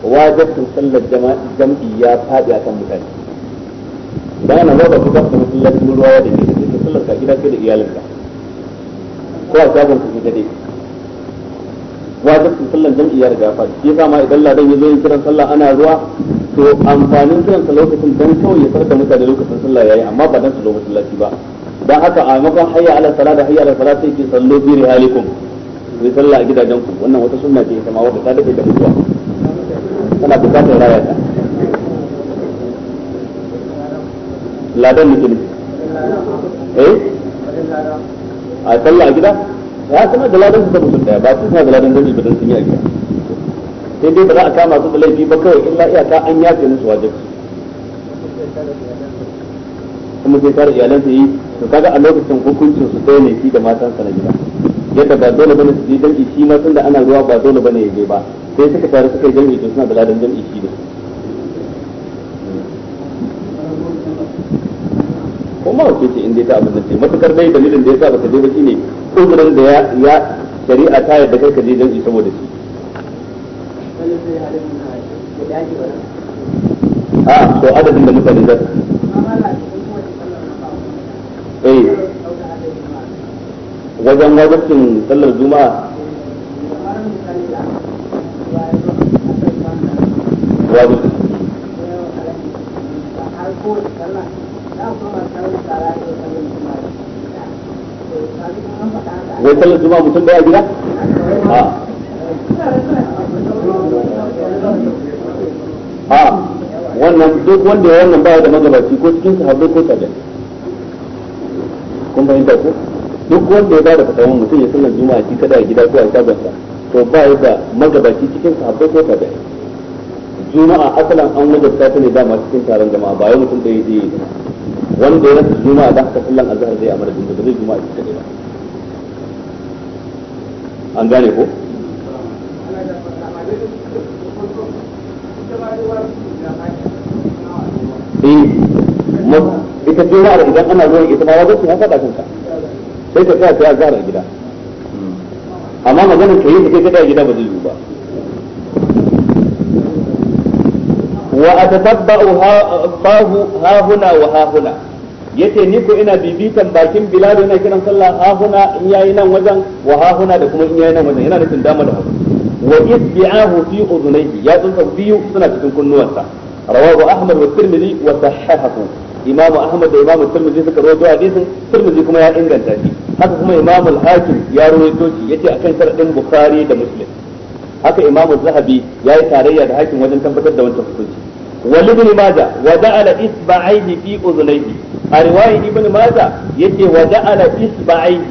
wajibin sallar jam'i ya a kan mutane bayan nan ba ku ba ku masallaci ruwa da ke da sallar ka gida kai da iyalinka ko a shagon su kadai wajibcin sallan jam'i ya riga fadi shi yasa ma idan ladan ya zo yin kiran sallah ana ruwa to amfanin kiran sa lokacin dan kawai ya farka mutane lokacin sallah yayi amma ba dan su zo masallaci ba dan haka a maimakon hayya ala sala da hayya ala sala sai ki sallo bi rihalikum ku yi sallah a gidajen ku wannan wata sunna ce ita ma wata ta dace da mutuwa tana bukatar raya ta ladan mutum eh a sallah a gida ya kuma da ladan su da mutum daya ba su da ladan gani ba dan sun yi a gida sai dai ba za a kama su da laifi ba kawai illa iyaka an yafe musu wajibi kuma sai tare iyalan su yi to kaga a lokacin hukuncin su ɗaya ne shi da matan sa na gida yadda ba dole bane su je jam'i shi ma tunda ana ruwa ba dole bane ya je ba sai suka tare suka yi jam'i to suna da ladan jam'i shi da su ko ma wace ce in dai ta abin da ce matukar dai dalilin da yasa baka je ba shine uzurin da ya ya shari'a ta yarda kai ka je dan saboda shi a to adadin da mutane za su eh wajen wajibcin sallar juma'a wajibcin wai sallar zuma mutum daya gida a ah. ah, wannan duk wanda ya wannan baya da magabaci ko cikin sahabbai ko tabi'a kun fahimta ko duk wanda ya bada fatawan mutum ya sallar a shi kada a gida ko a shagonsa to ba ya da magabaci cikin sahabbai ko tabi'a juma'a asalan an wajabta ta ne dama cikin taron jama'a ba wai mutum da ya je wanda ya rasa juma'a da haka sallan azhar zai amara da zai juma'a ita ne ba an gane ko eh ita juma'a idan ana zuwa ita ma wajen sun haka da sai ka tsaya sai zara gida amma magana ta yi ka kada gida ba zai yi ba wa atatba'u ha ha huna wa ha huna yace ni ko ina bibitan bakin bilal yana kiran sallah ha huna in yayi nan wajen wa ha huna da kuma in yayi nan wajen yana nufin dama da hagu wa isbi'ahu fi udunayhi ya tsunta biyu suna cikin kunnuwansa rawahu ahmad wa tirmidhi wa sahahahu imam ahmad da imam tirmidhi suka rawaito hadisin tirmidhi kuma ya inganta shi haka kuma imam al-hakim ya rawaito shi yace akan sharadin bukhari da muslim haka imam az-zahabi yayi tarayya da hakim wajen tabbatar da wannan hukunci ولابن ماجه وجعل إصبعيه في أذنيه رواية ابن ماجه يتي وجعل إصبعيه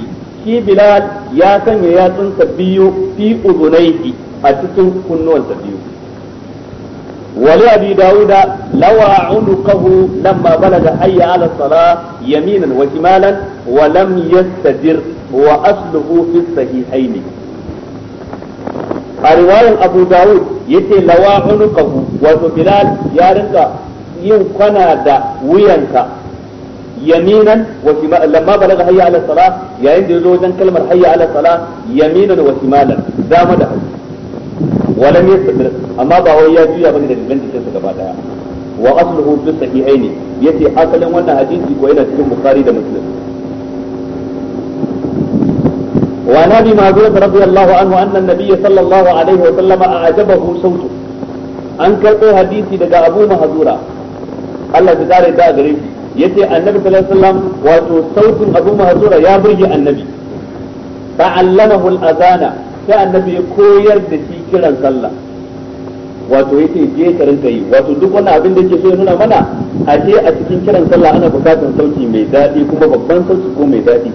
في بلال يا كان يا تنسبيو في أذنيه أتتن كنون سبيو ولأبي داود لوى عنقه لما بلغ حي على الصلاة يمينا وشمالا ولم يستدر وأصله في الصحيحين a riwayan abu dawud yace lawa unuqahu wato bilal ya rinka yin kwana da wuyanka yaminan wa shimalan lamma balaga hayya ala salah yayin da yazo wajen kalmar hayya ala salah yaminan wa shimalan dama da hagu walam yasbir amma ba wai ya juya bane da dangan jikin sa gaba daya wa asluhu fi sahihaini yace asalin wannan hadisi ko yana cikin bukhari da muslim وعن ابي معذور رضي الله عنه ان النبي صلى الله عليه وسلم اعجبه صوته an karɓo hadisi daga abu mahazura Allah ta kare ta gare shi yace annabi sallallahu alaihi wasallam wato sautin abu mahazura ya burge annabi ta'allamahu al-azana sai annabi ya koyar da shi kiran sallah wato yace je ka rinka yi wato duk wani abin da yake so ya nuna mana a je a cikin kiran sallah ana buƙatar sauti mai daɗi kuma babban sauti ko mai daɗi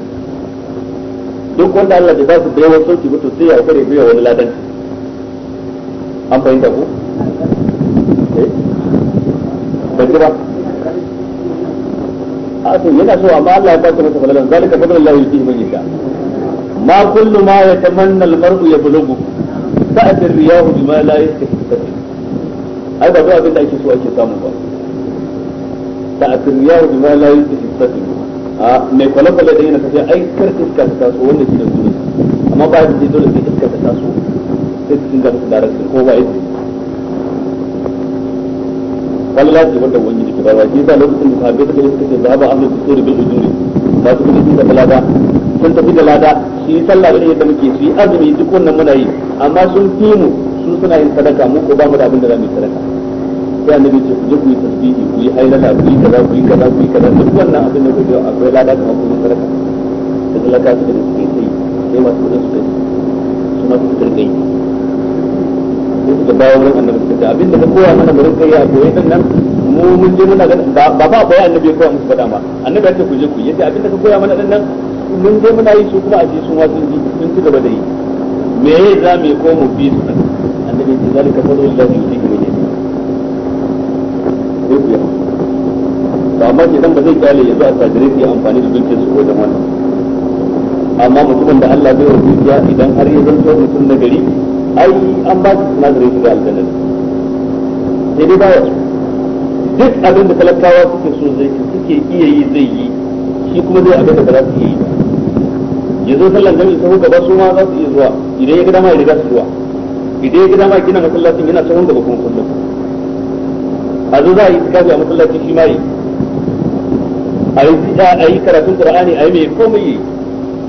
duk wanda Allah bai ba su da yawan sauki mutu sai ya kare biya wani ladan an fahimta ko eh? ba ba ah, a yana so amma Allah ya ba su masa falalan zalika fadlullahi yuti man yasha ma kullu ma yatamanna al-mar'u yablughu sa'at ar-riyah bima la yastahdi ai ba abin da ake so ake samu ba sa'at ar-riyah bima la a mai kwale-kwale da yana tafiya ai kar iska ta taso wanda shi da duniya amma ba da dole sai iska ta taso sai su dinga musu darasin ko ba yadda kwallo ce wanda wani jiki ba shi ba lokacin da sahabbai suka yi suka ce zaba amma su so da bin ujuri ba su kudi da lada sun tafi da lada shi sallah irin yadda muke su yi azumi duk wannan muna yi amma sun fi mu su suna yin sadaka mu ko ba mu da abin da za mu yi sadaka sai annabi ce ku je ku yi tasbihi ku yi hailala ku yi kaza ku yi kaza ku yi kaza duk wannan abin da ku yi akwai lada kamar yi sadaka da talaka su da suke sai sai masu kudin su kai suna ku turkai sai su gaba wajen annabi su kai abin da ka koya mana mu rinka yi a koyi din nan mu mun je muna ganin ba ba koyi annabi ya koya musu faɗa ma annabi ya ce ku je ku yi sai abin da ka koya mana din nan mun je muna yi su kuma a je sun wasu sun ci gaba da yi me za mu yi ko mu bi su annabi ya ce zalika fadlul ladhi to amma ke dan ba zai kyale ya zo a sadire su amfani da dukkan su wajen wannan amma mutumin da Allah bai wa dukiya idan har ya zanto mutum na gari ai an ba shi sinadarin shiga aljanna sai dai baya duk abin da talakawa suke so zai suke iya yi zai yi shi kuma zai abin da ba za su yi ya zo sallan jami'i sahun gaba su ma za su iya zuwa idan ya gida ma ya riga su zuwa idan ya gida ma gina masallacin yana sahun gaba kuma kullum a zo za a yi tikafi a masallacin shi ma yi a yi karatun qur'ani a yi mai komai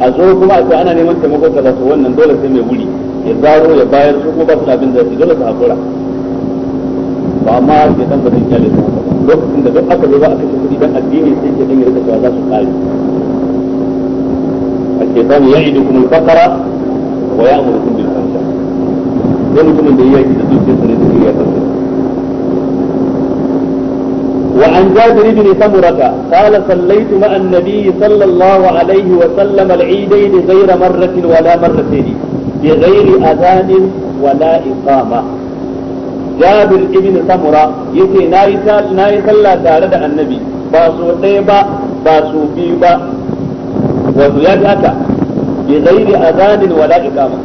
a zo kuma a ce ana neman taimakon kaza su wannan dole sai mai wuri ya zaro ya bayar su ko ba su abin da su dole su hakura ba ma ya dan bazin kyale su lokacin da duk aka zo za a kashe kuɗi dan addini sai ke dan ya rika cewa za su kare a ce ta ya idu kuma fakara wa ya amuru kun bil fahsha dan mutumin da ya yi da zuciyarsa ne da ya yi وعن جابر بن سمرة قال صليت مع النبي صلى الله عليه وسلم العيدين غير مرة ولا مرتين بغير أذان ولا إقامة جابر بن سمرة يتي ناي صلى تارد النبي باسو طيبة باسو بيبة وزياد أتى بغير أذان ولا إقامة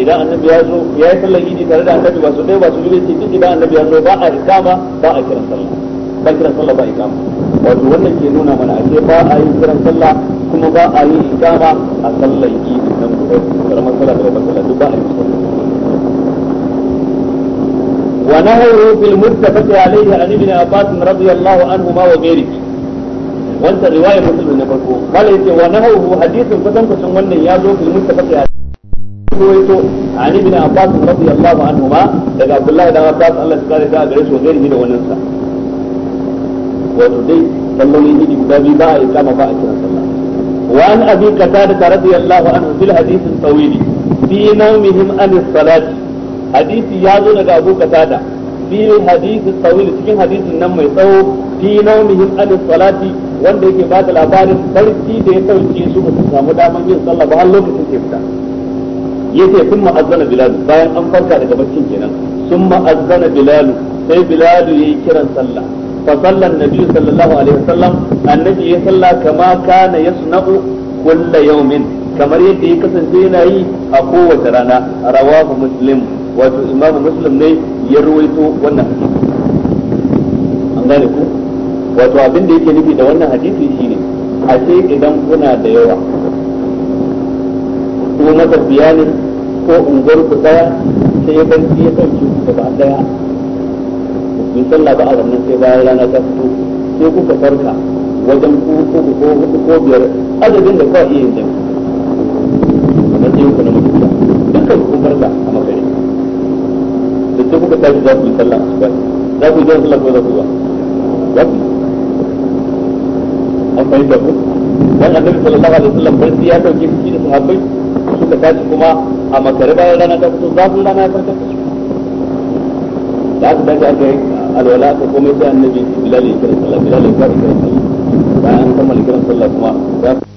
idan annabi ya zo ya yi sallar idi tare da annabi ba su ɗaya ba su biyu sai duk idan annabi ya zo ba a ikama ba a kiran sallah ba kiran sallah ba ikama wato wannan ke nuna mana ashe ba a yin kiran sallah kuma ba a yin ikama a sallar idi nan karamar sallah da babbar sallah duk ba a yin sallah ونهوا في المتفق عليه عن ابن عباس رضي الله عنهما وغيره وانت رواية مسلم النبوة قال ونهوه حديث فتنكسن وانا يازو في المتفق عليه ruwaito an ibn abbas radiyallahu anhuma daga abdullahi dan abbas Allah ya kare ta gare shi wa gairi da wannan sa wato dai salloli ne guda biyu ba a yi kama ba a kira sallah wa an abi qatada radiyallahu anhu fil hadith tawil fi nawmihim an as hadisi ya zo da abu qatada fi hadith tawil cikin hadisin nan mai tsawo fi nawmihim an salati wanda yake ba da labarin sarki da ya sauke su ba su samu damar yin sallah ba har lokacin ke fita yace sun ma'azzana bilal bayan an farka daga barcin kenan sun ma'azzana bilalu sai ya yi kiran sallah فصلى النبي صلى الله عليه وسلم النبي يصلى كما كان يصنع كل yawmin kamar yadda ya kasance yana yi a kowace rana rawahu muslim wato imamu muslim ne ya ruwaito wannan hadisi an gane ku wato abin da yake nufi da wannan hadisi shine a ce idan kuna da yawa ko matafiya ne ko unguwar ku daya sai ya banci ya dauke ku gaba daya bai sallah ba a wannan sai bayan rana ta fito sai kuka farka wajen ku uku ko hudu ko biyar adadin da ka iya yin jami'a na jiyo ku na mutuwa dukkan kun farka a makare da sai kuka tashi za ku yi sallah a subai za ku yi jan sallah ko za ku yi ba za ku yi an fahimta ku dan annabi sallallahu alaihi wasallam bai ya dauke shi da sahabbai suka tashi kuma a makare bayan rana ta fito zafin rana ya farka da su aka tashi aka yi alwala ka komai sai annabi bilal ya kira sallah bilal ya kira sallah bayan kammala kiran sallah kuma